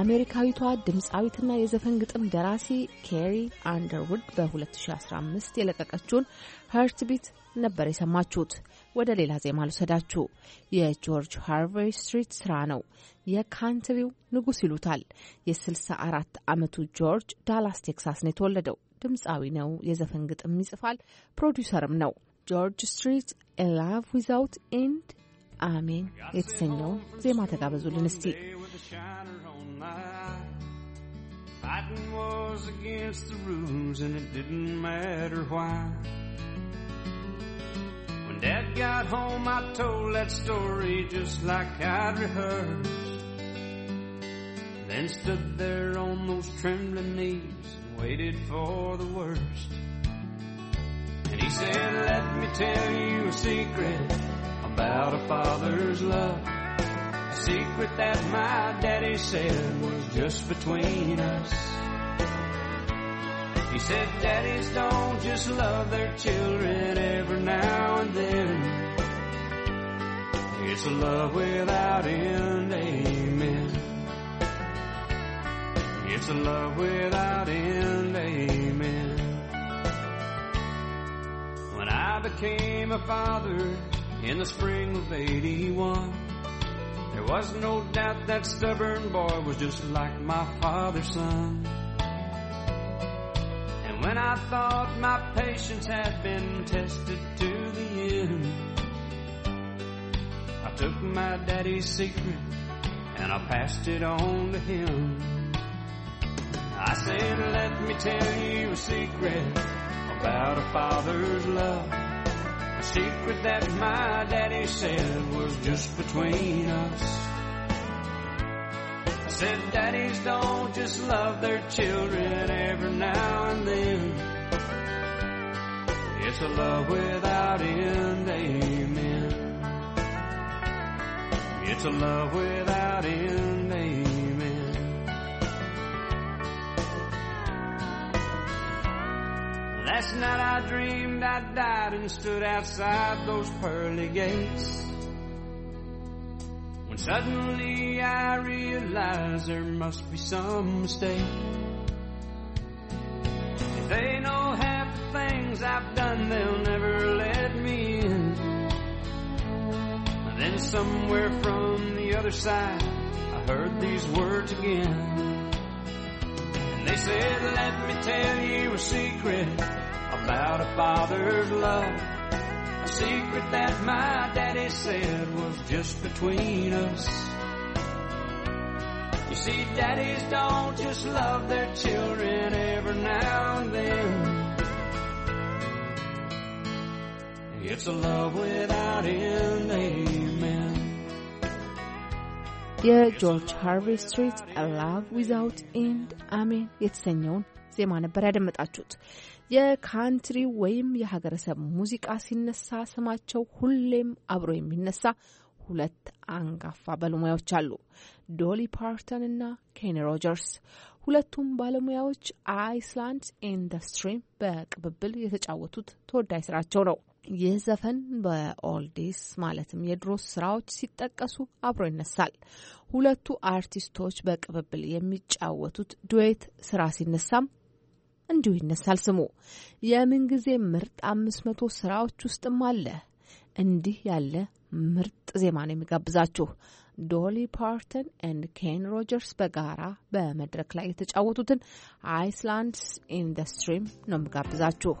አሜሪካዊቷ ድምፃዊትና የዘፈን ግጥም ደራሲ ኬሪ አንደርውድ በ2015 የለቀቀችውን ሀርት ቢት ነበር የሰማችሁት። ወደ ሌላ ዜማ ልውሰዳችሁ። የጆርጅ ሃርቬይ ስትሪት ስራ ነው። የካንትሪው ንጉስ ይሉታል። የ64 ዓመቱ ጆርጅ ዳላስ ቴክሳስ ነው የተወለደው። ድምፃዊ ነው፣ የዘፈን ግጥም ይጽፋል፣ ፕሮዲውሰርም ነው። ጆርጅ ስትሪት ላቭ ዊዛውት ኤንድ አሜን የተሰኘውን ዜማ ተጋበዙልን እስቲ Fighting was against the rules and it didn't matter why. When Dad got home, I told that story just like I'd rehearsed. Then stood there on those trembling knees and waited for the worst. And he said, let me tell you a secret about a father's love secret that my daddy said was just between us. He said daddies don't just love their children every now and then. It's a love without end, amen. It's a love without end, amen. When I became a father in the spring of 81, there was no doubt that stubborn boy was just like my father's son. And when I thought my patience had been tested to the end, I took my daddy's secret and I passed it on to him. I said, let me tell you a secret about a father's love secret that my daddy said was just between us. I said daddies don't just love their children every now and then. It's a love without end, amen. It's a love without Last night I dreamed I died and stood outside those pearly gates. When suddenly I realized there must be some mistake. If they know half the things I've done, they'll never let me in. And then somewhere from the other side, I heard these words again. And they said, let me tell you a secret about a father's love. A secret that my daddy said was just between us. You see, daddies don't just love their children every now and then. It's a love without end, amen. የጆርጅ ጆርጅ ሃርቪ ስትሪት ላቭ ዊዛውት ኤንድ አሜን የተሰኘውን ዜማ ነበር ያደመጣችሁት። የካንትሪ ወይም የሀገረሰብ ሙዚቃ ሲነሳ ስማቸው ሁሌም አብሮ የሚነሳ ሁለት አንጋፋ ባለሙያዎች አሉ፣ ዶሊ ፓርተን እና ኬኒ ሮጀርስ። ሁለቱም ባለሙያዎች አይስላንድ ኢንዱስትሪ በቅብብል የተጫወቱት ተወዳጅ ስራቸው ነው። ይህ ዘፈን በኦልዲስ ማለትም የድሮ ስራዎች ሲጠቀሱ አብሮ ይነሳል። ሁለቱ አርቲስቶች በቅብብል የሚጫወቱት ዱዌት ስራ ሲነሳም እንዲሁ ይነሳል ስሙ። የምንጊዜ ምርጥ አምስት መቶ ስራዎች ውስጥም አለ። እንዲህ ያለ ምርጥ ዜማ ነው የሚጋብዛችሁ። ዶሊ ፓርተን ኤንድ ኬን ሮጀርስ በጋራ በመድረክ ላይ የተጫወቱትን አይስላንድስ ኢን ስትሪም ነው የሚጋብዛችሁ።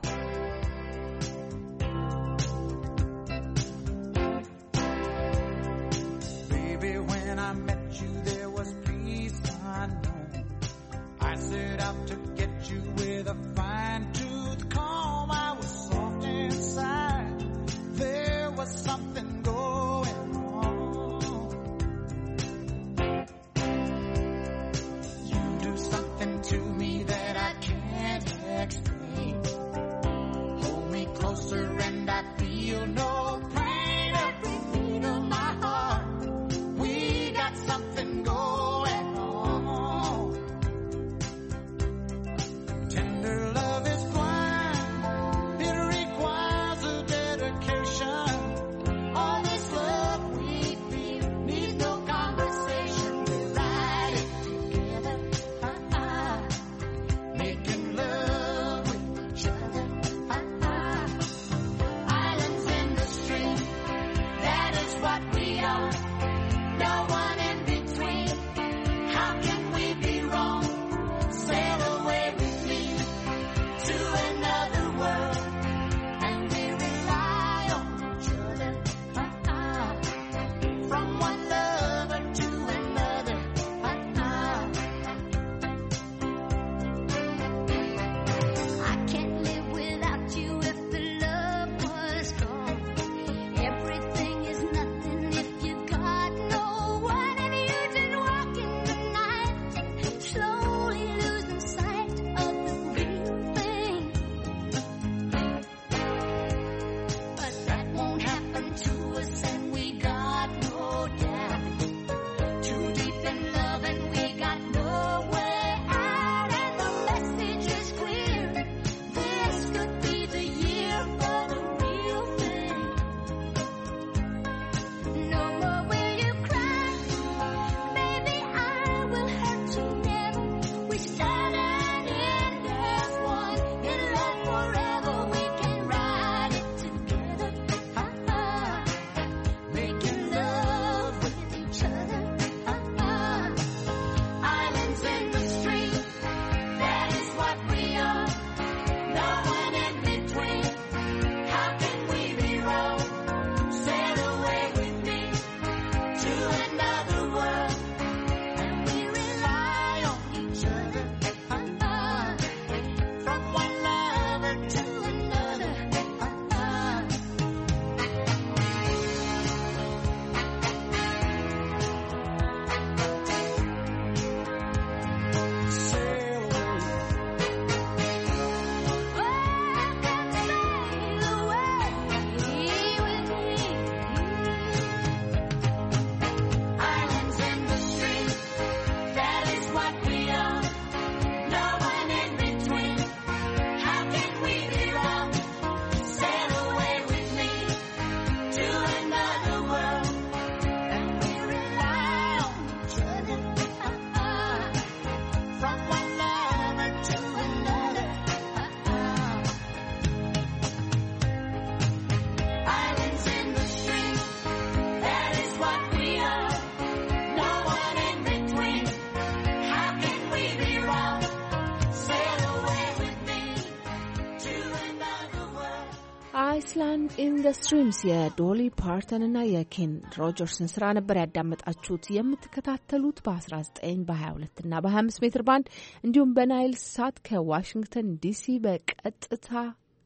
ስላንድ ኢንዱስትሪምስ የዶሊ ፓርተን እና የኬን ሮጀርስን ስራ ነበር ያዳመጣችሁት። የምትከታተሉት በ19 በ22 እና በ25 ሜትር ባንድ እንዲሁም በናይል ሳት ከዋሽንግተን ዲሲ በቀጥታ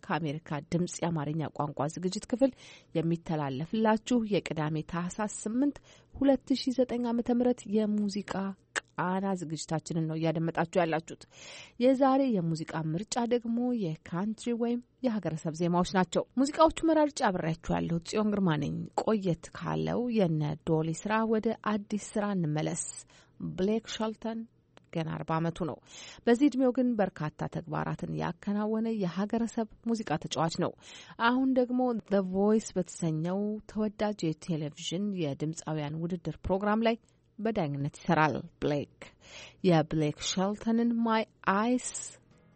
ከአሜሪካ ድምጽ የአማርኛ ቋንቋ ዝግጅት ክፍል የሚተላለፍላችሁ የቅዳሜ ታህሳስ 8 2009 ዓ.ም የሙዚቃ አና ዝግጅታችንን ነው እያደመጣችሁ ያላችሁት። የዛሬ የሙዚቃ ምርጫ ደግሞ የካንትሪ ወይም የሀገረሰብ ዜማዎች ናቸው። ሙዚቃዎቹ መራርጫ አብሬያችሁ ያለሁት ጽዮን ግርማ ነኝ። ቆየት ካለው የነ ዶሊ ስራ ወደ አዲስ ስራ እንመለስ። ብሌክ ሸልተን ገና አርባ ዓመቱ ነው። በዚህ እድሜው ግን በርካታ ተግባራትን ያከናወነ የሀገረሰብ ሙዚቃ ተጫዋች ነው። አሁን ደግሞ ዘ ቮይስ በተሰኘው ተወዳጅ የቴሌቪዥን የድምፃውያን ውድድር ፕሮግራም ላይ በዳኝነት ይሰራል። ብሌክ የብሌክ ሸልተንን ማይ አይስ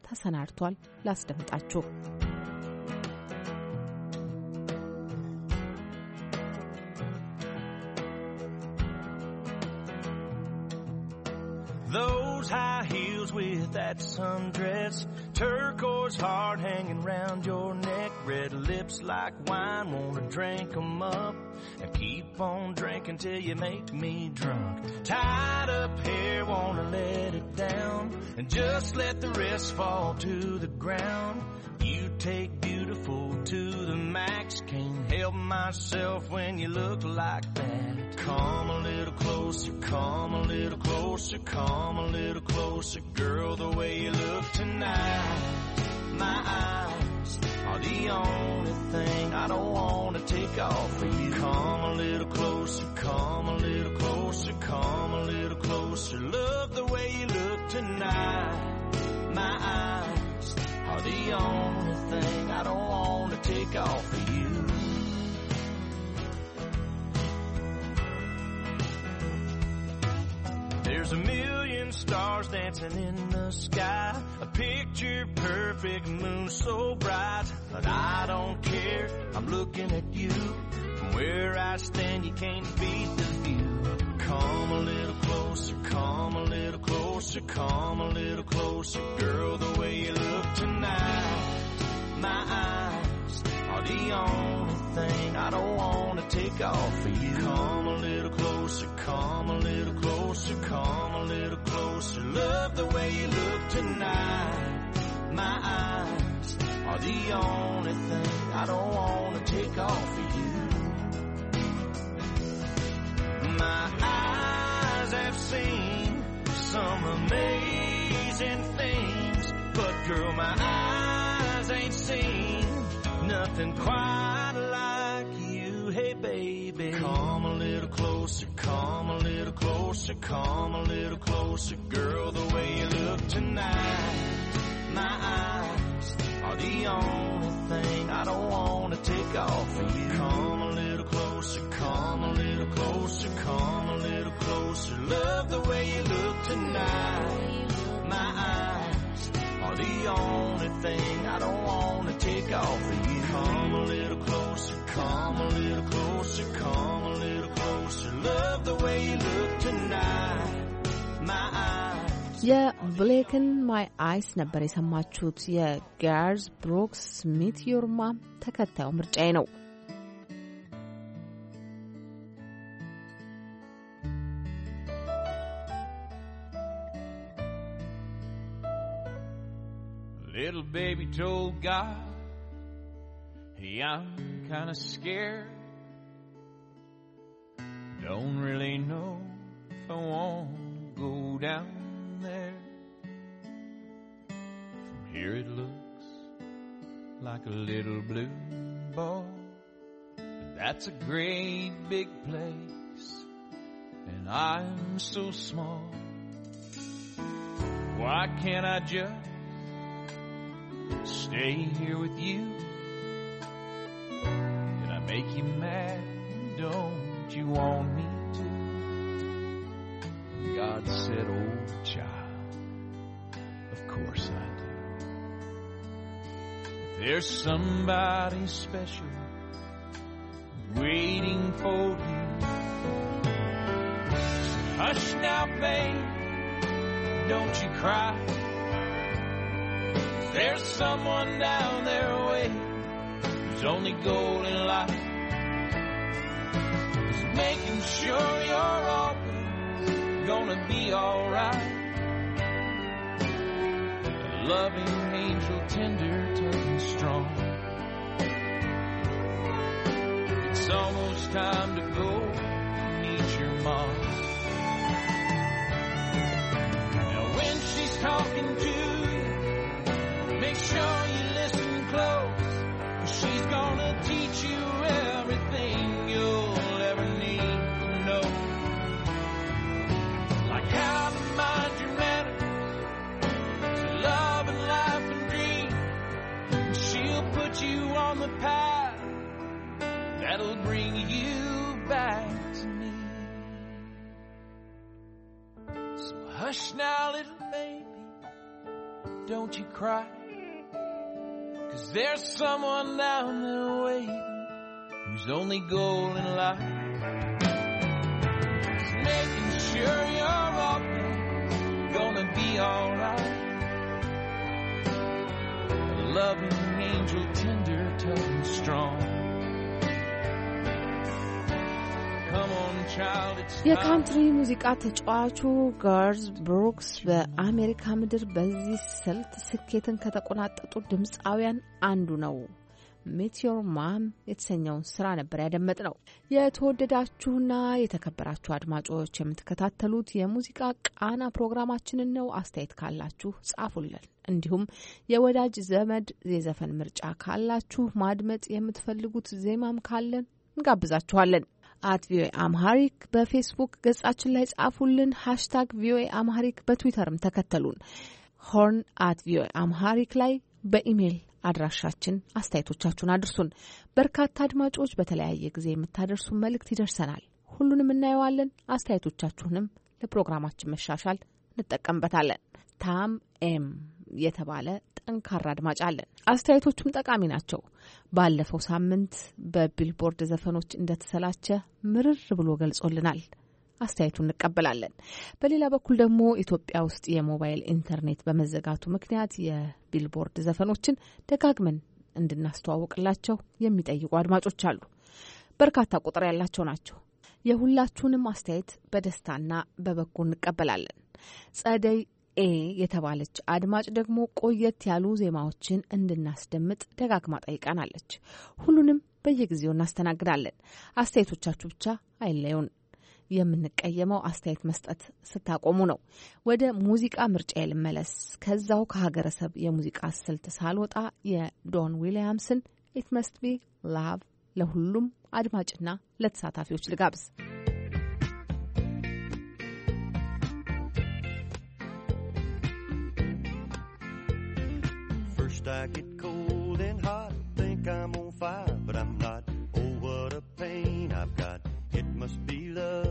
ተሰናድቷል። ላስደምጣችሁ። Those high heels with that sundress. Turquoise heart hanging round your neck. Red lips like wine, wanna drink 'em up. And keep on drinking till you make me drunk. Tied up here, wanna let it down. And just let the rest fall to the ground. You take beautiful help myself when you look like that. Come a little closer, come a little closer, come a little closer, girl, the way you look tonight. My eyes are the only thing I don't want to take off of you. Come a little closer, come a little closer, come a little closer, love the way you look tonight. My eyes are the only thing I don't want to take off of you. There's a million stars dancing in the sky. A picture perfect moon so bright. But I don't care, I'm looking at you. From where I stand, you can't beat the view. Come a little closer, come a little closer, come a little closer. Girl, the way you look tonight, my eyes are the only thing I don't wanna take off for you. Come a little closer, come a little closer, come a little closer. Love the way you look tonight. My eyes are the only thing I don't wanna take off for you. My eyes have seen some amazing things, but girl, my eyes ain't seen nothing quite baby. Come a little closer, come a little closer, come a little closer, girl. The way you look tonight, my eyes are the only thing I don't wanna take off of you. Come a little closer, come a little closer, come a little closer. Love the way you look tonight, my eyes are the only thing I don't wanna take off of you. Come a little closer. Come a little closer, come a little closer. Love the way you look tonight. My eyes. የብሌክን ማይ አይስ ነበር የሰማችሁት። የጋርዝ ብሮክስ ስሚት ዮርማ ተከታዩ ምርጫዬ ነው። Little baby told God Hey, I'm kinda scared. Don't really know if I want to go down there. From here it looks like a little blue ball. But that's a great big place, and I'm so small. Why can't I just stay here with you? make you mad. Don't you want me to? God said, Oh, child, of course I do. If there's somebody special waiting for you. So hush now, babe, don't you cry. There's someone down there waiting. His only goal in life is making sure you're all gonna be alright. loving angel, tender, tough and strong. It's almost time to go meet your mom. Now when she's talking to you, make sure. She's gonna teach you everything you'll ever need to know. Like how to mind your manners, to love and life and dream. she'll put you on the path that'll bring you back to me. So hush now, little baby, don't you cry. Cause there's someone down there waiting whose only goal in life is making sure you're always gonna be alright. A Loving angel, tender, tough and strong. የካንትሪ ሙዚቃ ተጫዋቹ ጋርዝ ብሩክስ በአሜሪካ ምድር በዚህ ስልት ስኬትን ከተቆናጠጡ ድምፃውያን አንዱ ነው። ሜትዮር ማም የተሰኘውን ስራ ነበር ያደመጥ ነው። የተወደዳችሁና የተከበራችሁ አድማጮች የምትከታተሉት የሙዚቃ ቃና ፕሮግራማችንን ነው። አስተያየት ካላችሁ ጻፉልን። እንዲሁም የወዳጅ ዘመድ የዘፈን ምርጫ ካላችሁ ማድመጥ የምትፈልጉት ዜማም ካለን እንጋብዛችኋለን። አት ቪኦኤ አምሃሪክ በፌስቡክ ገጻችን ላይ ጻፉልን። ሃሽታግ ቪኦኤ አምሃሪክ በትዊተርም ተከተሉን። ሆርን አት ቪኦኤ አምሃሪክ ላይ በኢሜይል አድራሻችን አስተያየቶቻችሁን አድርሱን። በርካታ አድማጮች በተለያየ ጊዜ የምታደርሱን መልእክት ይደርሰናል። ሁሉንም እናየዋለን። አስተያየቶቻችሁንም ለፕሮግራማችን መሻሻል እንጠቀምበታለን። ታም ኤም የተባለ ጠንካራ አድማጭ አለን። አስተያየቶቹም ጠቃሚ ናቸው። ባለፈው ሳምንት በቢልቦርድ ዘፈኖች እንደተሰላቸ ምርር ብሎ ገልጾልናል። አስተያየቱን እንቀበላለን። በሌላ በኩል ደግሞ ኢትዮጵያ ውስጥ የሞባይል ኢንተርኔት በመዘጋቱ ምክንያት የቢልቦርድ ዘፈኖችን ደጋግመን እንድናስተዋውቅላቸው የሚጠይቁ አድማጮች አሉ። በርካታ ቁጥር ያላቸው ናቸው። የሁላችሁንም አስተያየት በደስታና በበጎ እንቀበላለን። ጸደይ ኤ የተባለች አድማጭ ደግሞ ቆየት ያሉ ዜማዎችን እንድናስደምጥ ደጋግማ ጠይቃናለች። ሁሉንም በየጊዜው እናስተናግዳለን። አስተያየቶቻችሁ ብቻ አይለዩን። የምንቀየመው አስተያየት መስጠት ስታቆሙ ነው። ወደ ሙዚቃ ምርጫ ልመለስ። ከዛው ከሀገረሰብ የሙዚቃ ስልት ሳልወጣ የዶን ዊሊያምስን ኢት መስት ቢ ላቭ ለሁሉም አድማጭና ለተሳታፊዎች ልጋብዝ። I get cold and hot, think I'm on fire, but I'm not. Oh, what a pain I've got. It must be love.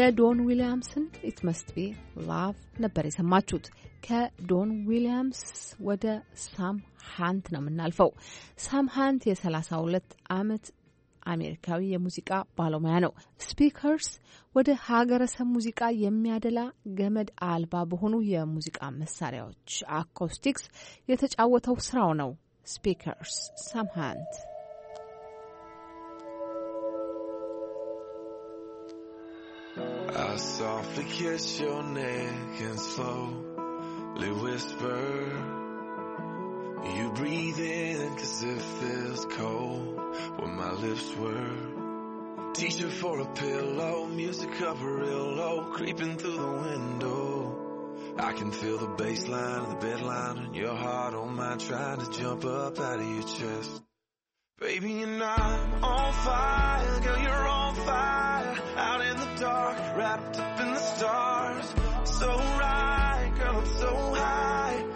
የዶን ዊሊያምስን ኢት መስት ቢ ላቭ ነበር የሰማችሁት። ከዶን ዊሊያምስ ወደ ሳም ሃንት ነው የምናልፈው። ሳም ሃንት የ32 ዓመት አሜሪካዊ የሙዚቃ ባለሙያ ነው። ስፒከርስ ወደ ሀገረሰብ ሙዚቃ የሚያደላ ገመድ አልባ በሆኑ የሙዚቃ መሳሪያዎች አኮስቲክስ የተጫወተው ስራው ነው። ስፒከርስ ሳም ሃንት I softly kiss your neck and slowly whisper. You breathe in cause it feels cold where my lips were. Teacher for a pillow, music up real low, creeping through the window. I can feel the of the bedline, and your heart on mine trying to jump up out of your chest. Baby, you're not on fire, girl, you're on fire. Out in the dark, wrapped up in the stars. So right, girl, I'm so high.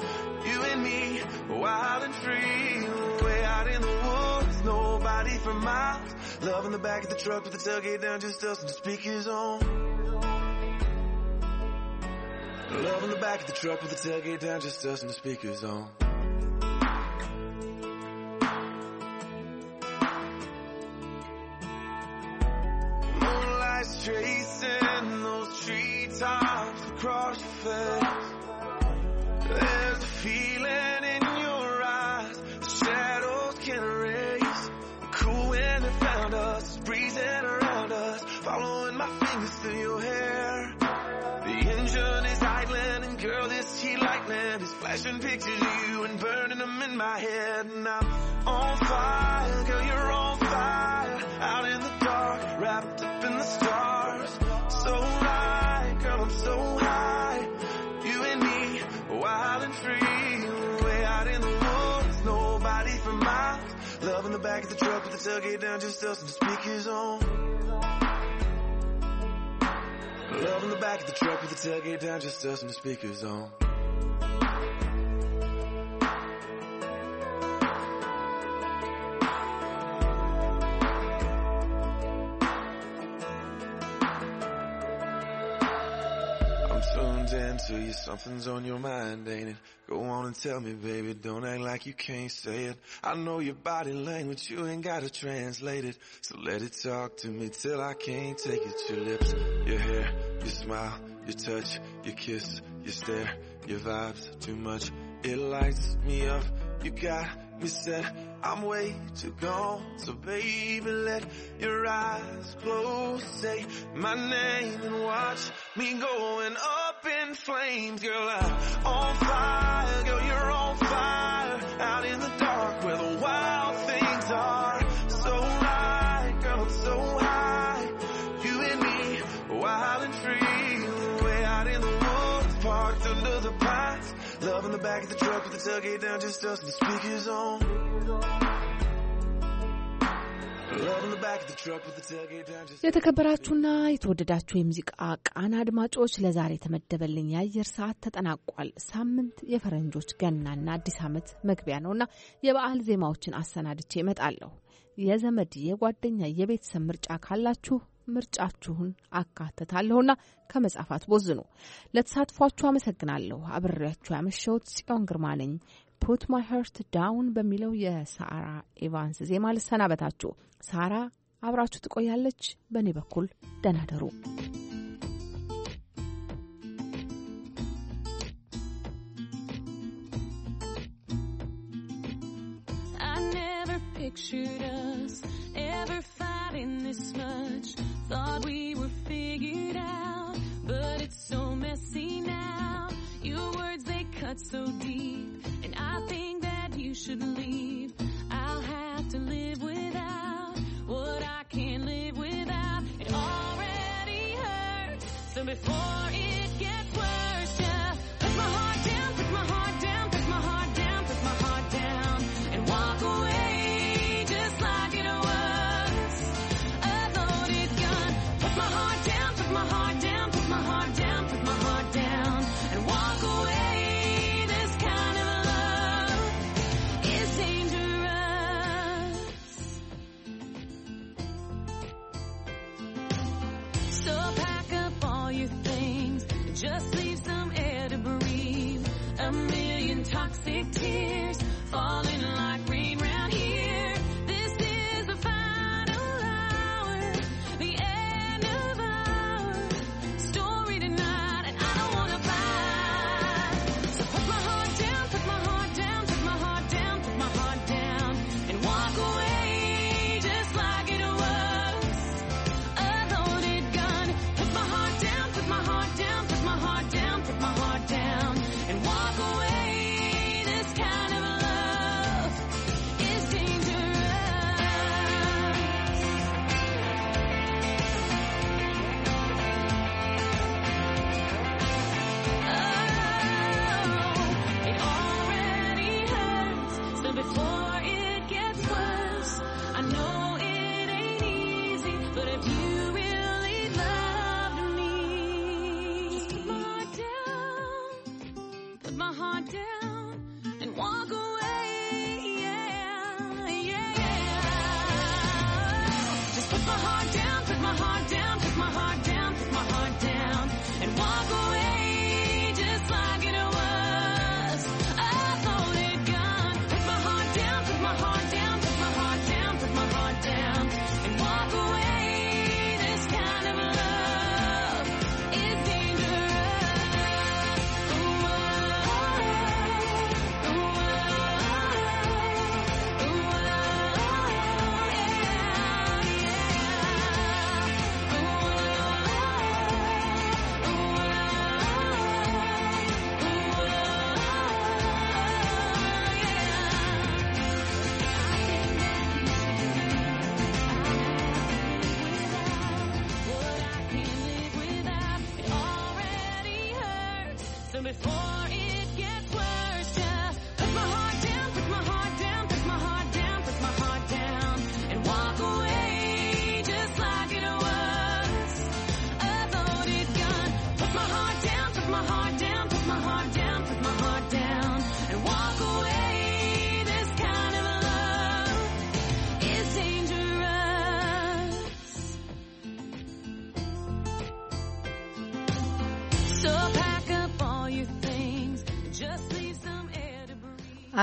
You and me, wild and free. Way out in the woods, nobody for miles. Love in the back of the truck with the tailgate down, just us and the speakers on. Love in the back of the truck with the tailgate down, just us and the speakers on. is chasing those treetops across your face. There's a feeling in your eyes the shadows can't erase. The cool wind that found us, breezing around us, following my fingers through your hair. The engine is idling and girl, this heat lightning is flashing pictures of you and burning them in my head. And I'm Dug it down just us and the speakers on. Love in the back of the truck with the tailgate down just us and the speakers on. pretend to you something's on your mind, ain't it? Go on and tell me, baby, don't act like you can't say it. I know your body language, you ain't gotta translate it. So let it talk to me till I can't take it. Your lips, your hair, your smile, your touch, your kiss, your stare, your vibes, too much. It lights me up, you got me set. I'm way too gone, so baby, let your eyes close. Say my name and watch me going on in flames, girl, I'm on fire, girl, you're on fire, out in the dark where the wild things are, so high, girl, I'm so high, you and me, wild and free, way out in the woods, parked under the pines, love in the back of the truck with the tailgate down, just us and the speakers on. የተከበራችሁና የተወደዳችሁ የሙዚቃ ቃና አድማጮች ለዛሬ የተመደበልኝ የአየር ሰዓት ተጠናቋል። ሳምንት የፈረንጆች ገናና አዲስ ዓመት መግቢያ ነውና የበዓል ዜማዎችን አሰናድቼ እመጣለሁ። የዘመድ የጓደኛ፣ የቤተሰብ ምርጫ ካላችሁ ምርጫችሁን አካተታለሁና ከመጻፋት ቦዝኑ። ለተሳትፏችሁ አመሰግናለሁ። አብሬያችሁ ያመሸሁት ጽዮን ግርማ ነኝ። ፑት ማይ ሀርት ዳውን በሚለው የሳራ ኤቫንስ ዜማ ልሰናበታችሁ። ሳራ አብራችሁ ትቆያለች። በእኔ በኩል ደናደሩ Pictured us ever fighting this much. Thought we were figured out, but it's so messy now. Your words Cut so deep, and I think that you should leave. I'll have to live without what I can't live without. It already hurts, so before it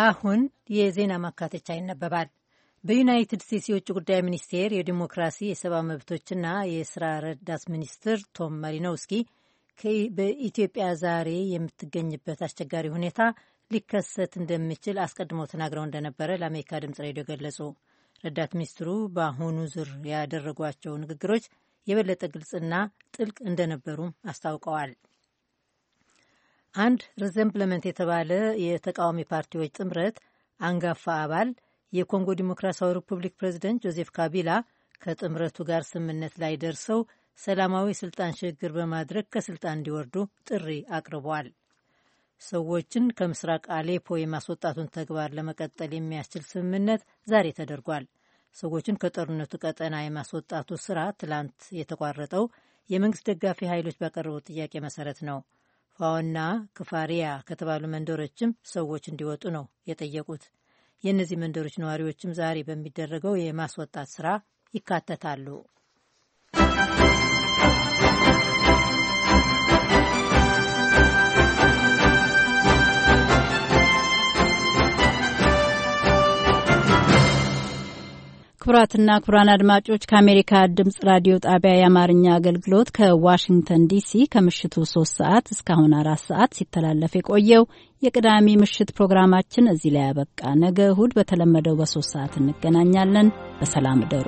አሁን የዜና ማካተቻ ይነበባል። በዩናይትድ ስቴትስ የውጭ ጉዳይ ሚኒስቴር የዲሞክራሲ የሰብአዊ መብቶችና የስራ ረዳት ሚኒስትር ቶም መሊኖውስኪ በኢትዮጵያ ዛሬ የምትገኝበት አስቸጋሪ ሁኔታ ሊከሰት እንደሚችል አስቀድመው ተናግረው እንደነበረ ለአሜሪካ ድምጽ ሬዲዮ ገለጹ። ረዳት ሚኒስትሩ በአሁኑ ዙር ያደረጓቸው ንግግሮች የበለጠ ግልጽና ጥልቅ እንደነበሩም አስታውቀዋል። አንድ ሪዘምብለመንት የተባለ የተቃዋሚ ፓርቲዎች ጥምረት አንጋፋ አባል የኮንጎ ዲሞክራሲያዊ ሪፑብሊክ ፕሬዚደንት ጆዜፍ ካቢላ ከጥምረቱ ጋር ስምምነት ላይ ደርሰው ሰላማዊ ስልጣን ሽግግር በማድረግ ከስልጣን እንዲወርዱ ጥሪ አቅርቧል። ሰዎችን ከምስራቅ አሌፖ የማስወጣቱን ተግባር ለመቀጠል የሚያስችል ስምምነት ዛሬ ተደርጓል። ሰዎችን ከጦርነቱ ቀጠና የማስወጣቱ ስራ ትላንት የተቋረጠው የመንግስት ደጋፊ ኃይሎች ባቀረቡት ጥያቄ መሰረት ነው። ፋዋና ክፋሪያ ከተባሉ መንደሮችም ሰዎች እንዲወጡ ነው የጠየቁት። የእነዚህ መንደሮች ነዋሪዎችም ዛሬ በሚደረገው የማስወጣት ስራ ይካተታሉ። ክቡራትና ክቡራን አድማጮች ከአሜሪካ ድምጽ ራዲዮ ጣቢያ የአማርኛ አገልግሎት ከዋሽንግተን ዲሲ ከምሽቱ ሶስት ሰዓት እስካሁን አራት ሰዓት ሲተላለፍ የቆየው የቅዳሜ ምሽት ፕሮግራማችን እዚህ ላይ ያበቃ። ነገ እሁድ በተለመደው በሶስት ሰዓት እንገናኛለን። በሰላም ደሩ።